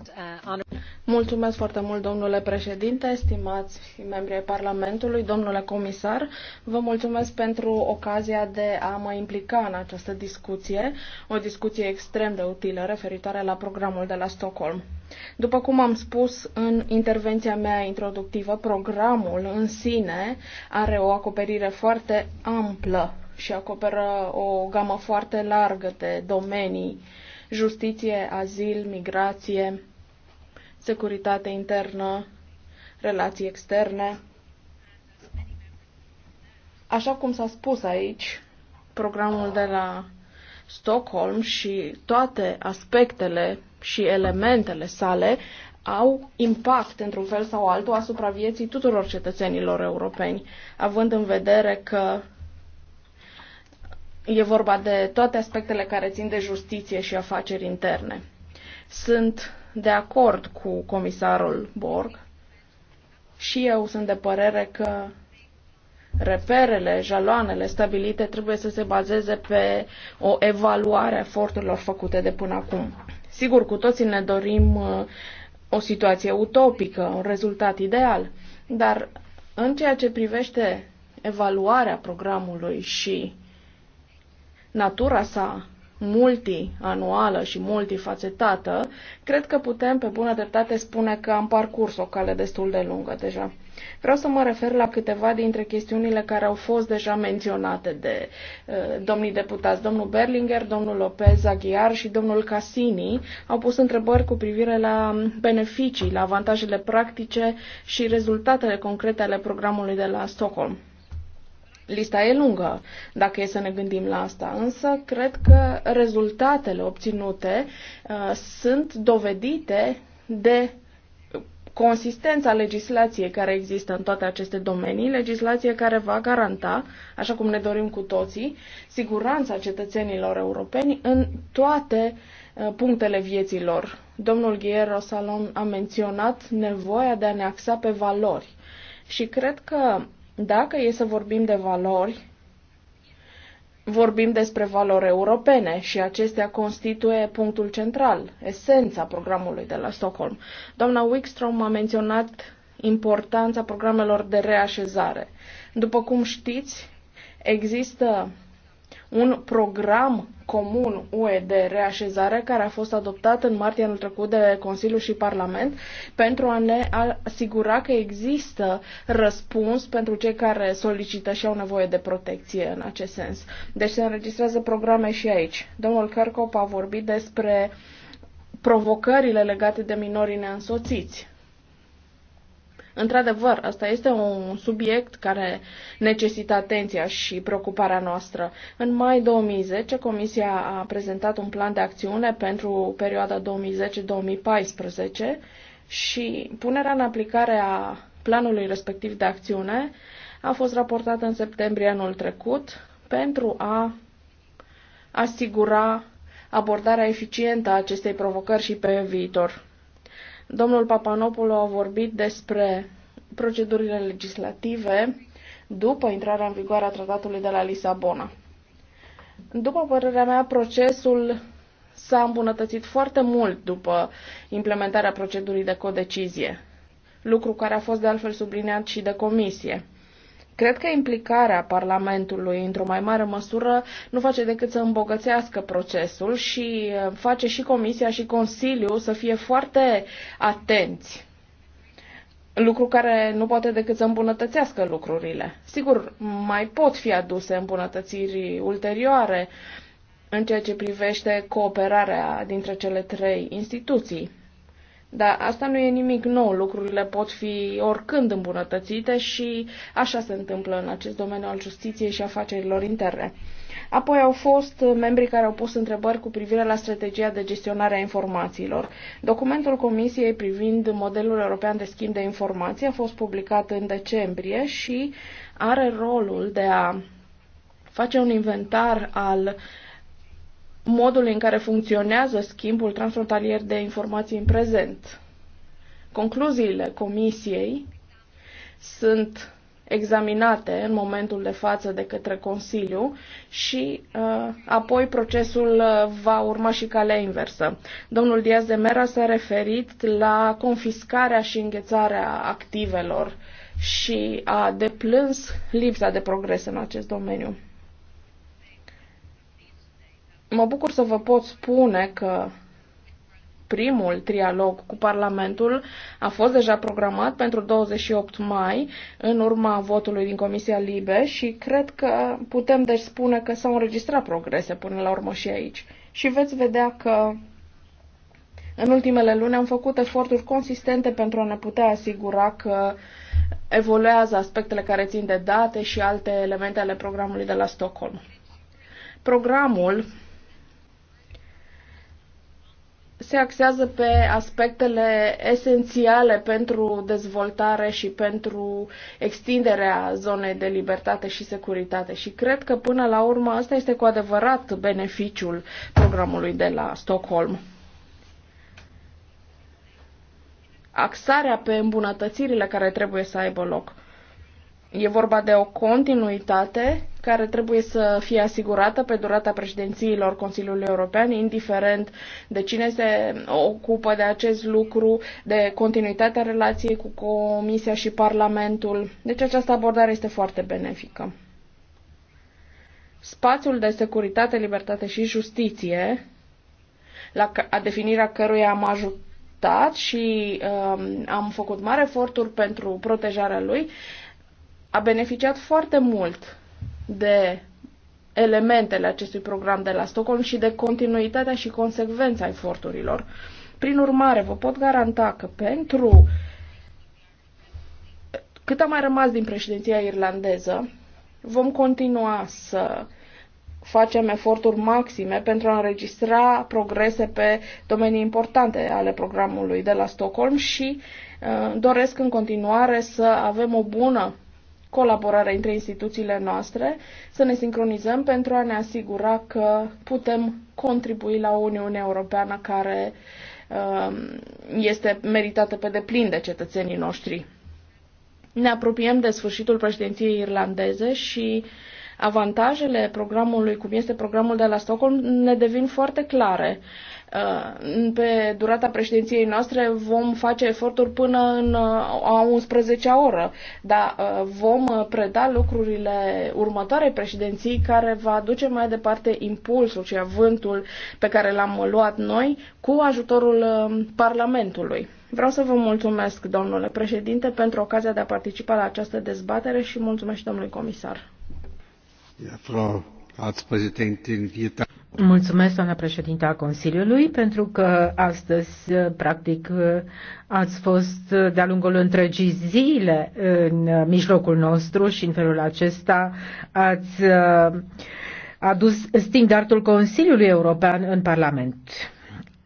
Mulțumesc foarte mult, domnule președinte, stimați membri ai Parlamentului, domnule comisar. Vă mulțumesc pentru ocazia de a mă implica în această discuție, o discuție extrem de utilă referitoare la programul de la Stockholm. După cum am spus în intervenția mea introductivă, programul în sine are o acoperire foarte amplă și acoperă o gamă foarte largă de domenii, justiție, azil, migrație, securitate internă, relații externe. Așa cum s-a spus aici, programul de la Stockholm și toate aspectele și elementele sale au impact într-un fel sau altul asupra vieții tuturor cetățenilor europeni, având în vedere că E vorba de toate aspectele care țin de justiție și afaceri interne. Sunt de acord cu comisarul Borg și eu sunt de părere că reperele, jaloanele stabilite trebuie să se bazeze pe o evaluare a eforturilor făcute de până acum. Sigur, cu toții ne dorim uh, o situație utopică, un rezultat ideal, dar în ceea ce privește evaluarea programului și natura sa multianuală și multifacetată, cred că putem pe bună dreptate spune că am parcurs o cale destul de lungă deja. Vreau să mă refer la câteva dintre chestiunile care au fost deja menționate de uh, domnii deputați. Domnul Berlinger, domnul Lopez Aghiar și domnul Cassini au pus întrebări cu privire la beneficii, la avantajele practice și rezultatele concrete ale programului de la Stockholm. Lista e lungă, dacă e să ne gândim la asta, însă cred că rezultatele obținute uh, sunt dovedite de consistența legislației care există în toate aceste domenii, legislație care va garanta, așa cum ne dorim cu toții, siguranța cetățenilor europeni în toate uh, punctele vieții lor. Domnul Ghiero Salon a menționat nevoia de a ne axa pe valori și cred că dacă e să vorbim de valori, vorbim despre valori europene și acestea constituie punctul central, esența programului de la Stockholm. Doamna Wickstrom a menționat importanța programelor de reașezare. După cum știți, există un program comun UE de reașezare care a fost adoptat în martie anul trecut de Consiliu și Parlament pentru a ne asigura că există răspuns pentru cei care solicită și au nevoie de protecție în acest sens. Deci se înregistrează programe și aici. Domnul Kerkop a vorbit despre provocările legate de minorii neînsoțiți Într-adevăr, asta este un subiect care necesită atenția și preocuparea noastră. În mai 2010, Comisia a prezentat un plan de acțiune pentru perioada 2010-2014 și punerea în aplicare a planului respectiv de acțiune a fost raportată în septembrie anul trecut pentru a asigura abordarea eficientă a acestei provocări și pe viitor. Domnul Papanopoulou a vorbit despre procedurile legislative după intrarea în vigoare a tratatului de la Lisabona. După părerea mea, procesul s-a îmbunătățit foarte mult după implementarea procedurii de codecizie, lucru care a fost de altfel subliniat și de comisie. Cred că implicarea Parlamentului într-o mai mare măsură nu face decât să îmbogățească procesul și uh, face și Comisia și Consiliul să fie foarte atenți lucru care nu poate decât să îmbunătățească lucrurile. Sigur, mai pot fi aduse îmbunătățiri ulterioare în ceea ce privește cooperarea dintre cele trei instituții. Dar asta nu e nimic nou, lucrurile pot fi oricând îmbunătățite și așa se întâmplă în acest domeniu al justiției și afacerilor interne. Apoi au fost membrii care au pus întrebări cu privire la strategia de gestionare a informațiilor. Documentul Comisiei privind modelul european de schimb de informații a fost publicat în decembrie și are rolul de a face un inventar al uh, modul în care funcționează schimbul transfrontalier de informații în prezent. Concluziile Comisiei sunt examinate în momentul de față de către Consiliu și uh, apoi procesul uh, va urma și calea inversă. Domnul Diaz de Mera s-a referit la confiscarea și înghețarea activelor și a deplâns lipsa de progres în acest domeniu. Mă bucur să vă pot spune că primul trialog cu Parlamentul a fost deja programat pentru 28 mai, în urma votului din Comisia Libe și cred că putem deci spune că s-au înregistrat progrese până la urmă și aici. Și veți vedea că în ultimele luni am făcut eforturi consistente pentru a ne putea asigura că evoluează aspectele care țin de date și alte elemente ale programului de la Stockholm. Programul se axează pe aspectele esențiale pentru dezvoltare și pentru extinderea zonei de libertate și securitate. Și cred că până la urmă asta este cu adevărat beneficiul programului de la Stockholm. Axarea pe îmbunătățirile care trebuie să aibă loc. E vorba de o continuitate care trebuie să fie asigurată pe durata președințiilor Consiliului European, indiferent de cine se ocupă de acest lucru, de continuitatea relației cu Comisia și Parlamentul. Deci această abordare este foarte benefică. Spațiul de securitate, libertate și justiție, la a definirea căruia am ajutat și um, am făcut mari eforturi pentru protejarea lui, uh, a beneficiat foarte mult de elementele acestui program de la Stockholm și de continuitatea și consecvența eforturilor. Prin urmare, vă pot garanta că pentru cât a mai rămas din președinția irlandeză, vom continua să facem eforturi maxime pentru a înregistra progrese pe domenii importante ale programului de la Stockholm și uh, doresc în continuare să avem o bună colaborare între instituțiile noastre, să ne sincronizăm pentru a ne asigura că putem contribui la o Uniune Europeană care um, este meritată pe deplin de cetățenii noștri. Ne apropiem de sfârșitul președinției irlandeze și avantajele programului, cum este programul de la Stockholm, ne devin foarte clare. Uh, Uh, pe durata președinției noastre vom face eforturi până în uh, a 11-a oră, dar uh, vom preda lucrurile următoarei președinții care va duce mai departe impulsul și avântul pe care l-am luat noi cu ajutorul Parlamentului. Vreau să vă mulțumesc, domnule președinte, pentru ocazia de a participa la această dezbatere și mulțumesc și domnului comisar. Ja, Frau Ratspräsidentin, Mulțumesc, doamna președinte a Consiliului, pentru că astăzi, practic, ați fost de-a lungul întregii zile în mijlocul nostru și în felul acesta ați uh, adus standardul Consiliului European în Parlament.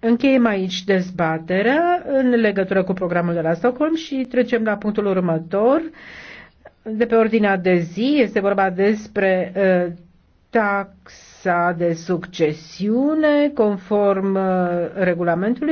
Încheiem aici dezbaterea în legătură cu programul de la Stockholm și trecem la punctul următor. De pe ordinea de zi este vorba despre uh, tax sa de succesiune conform uh, regulamentului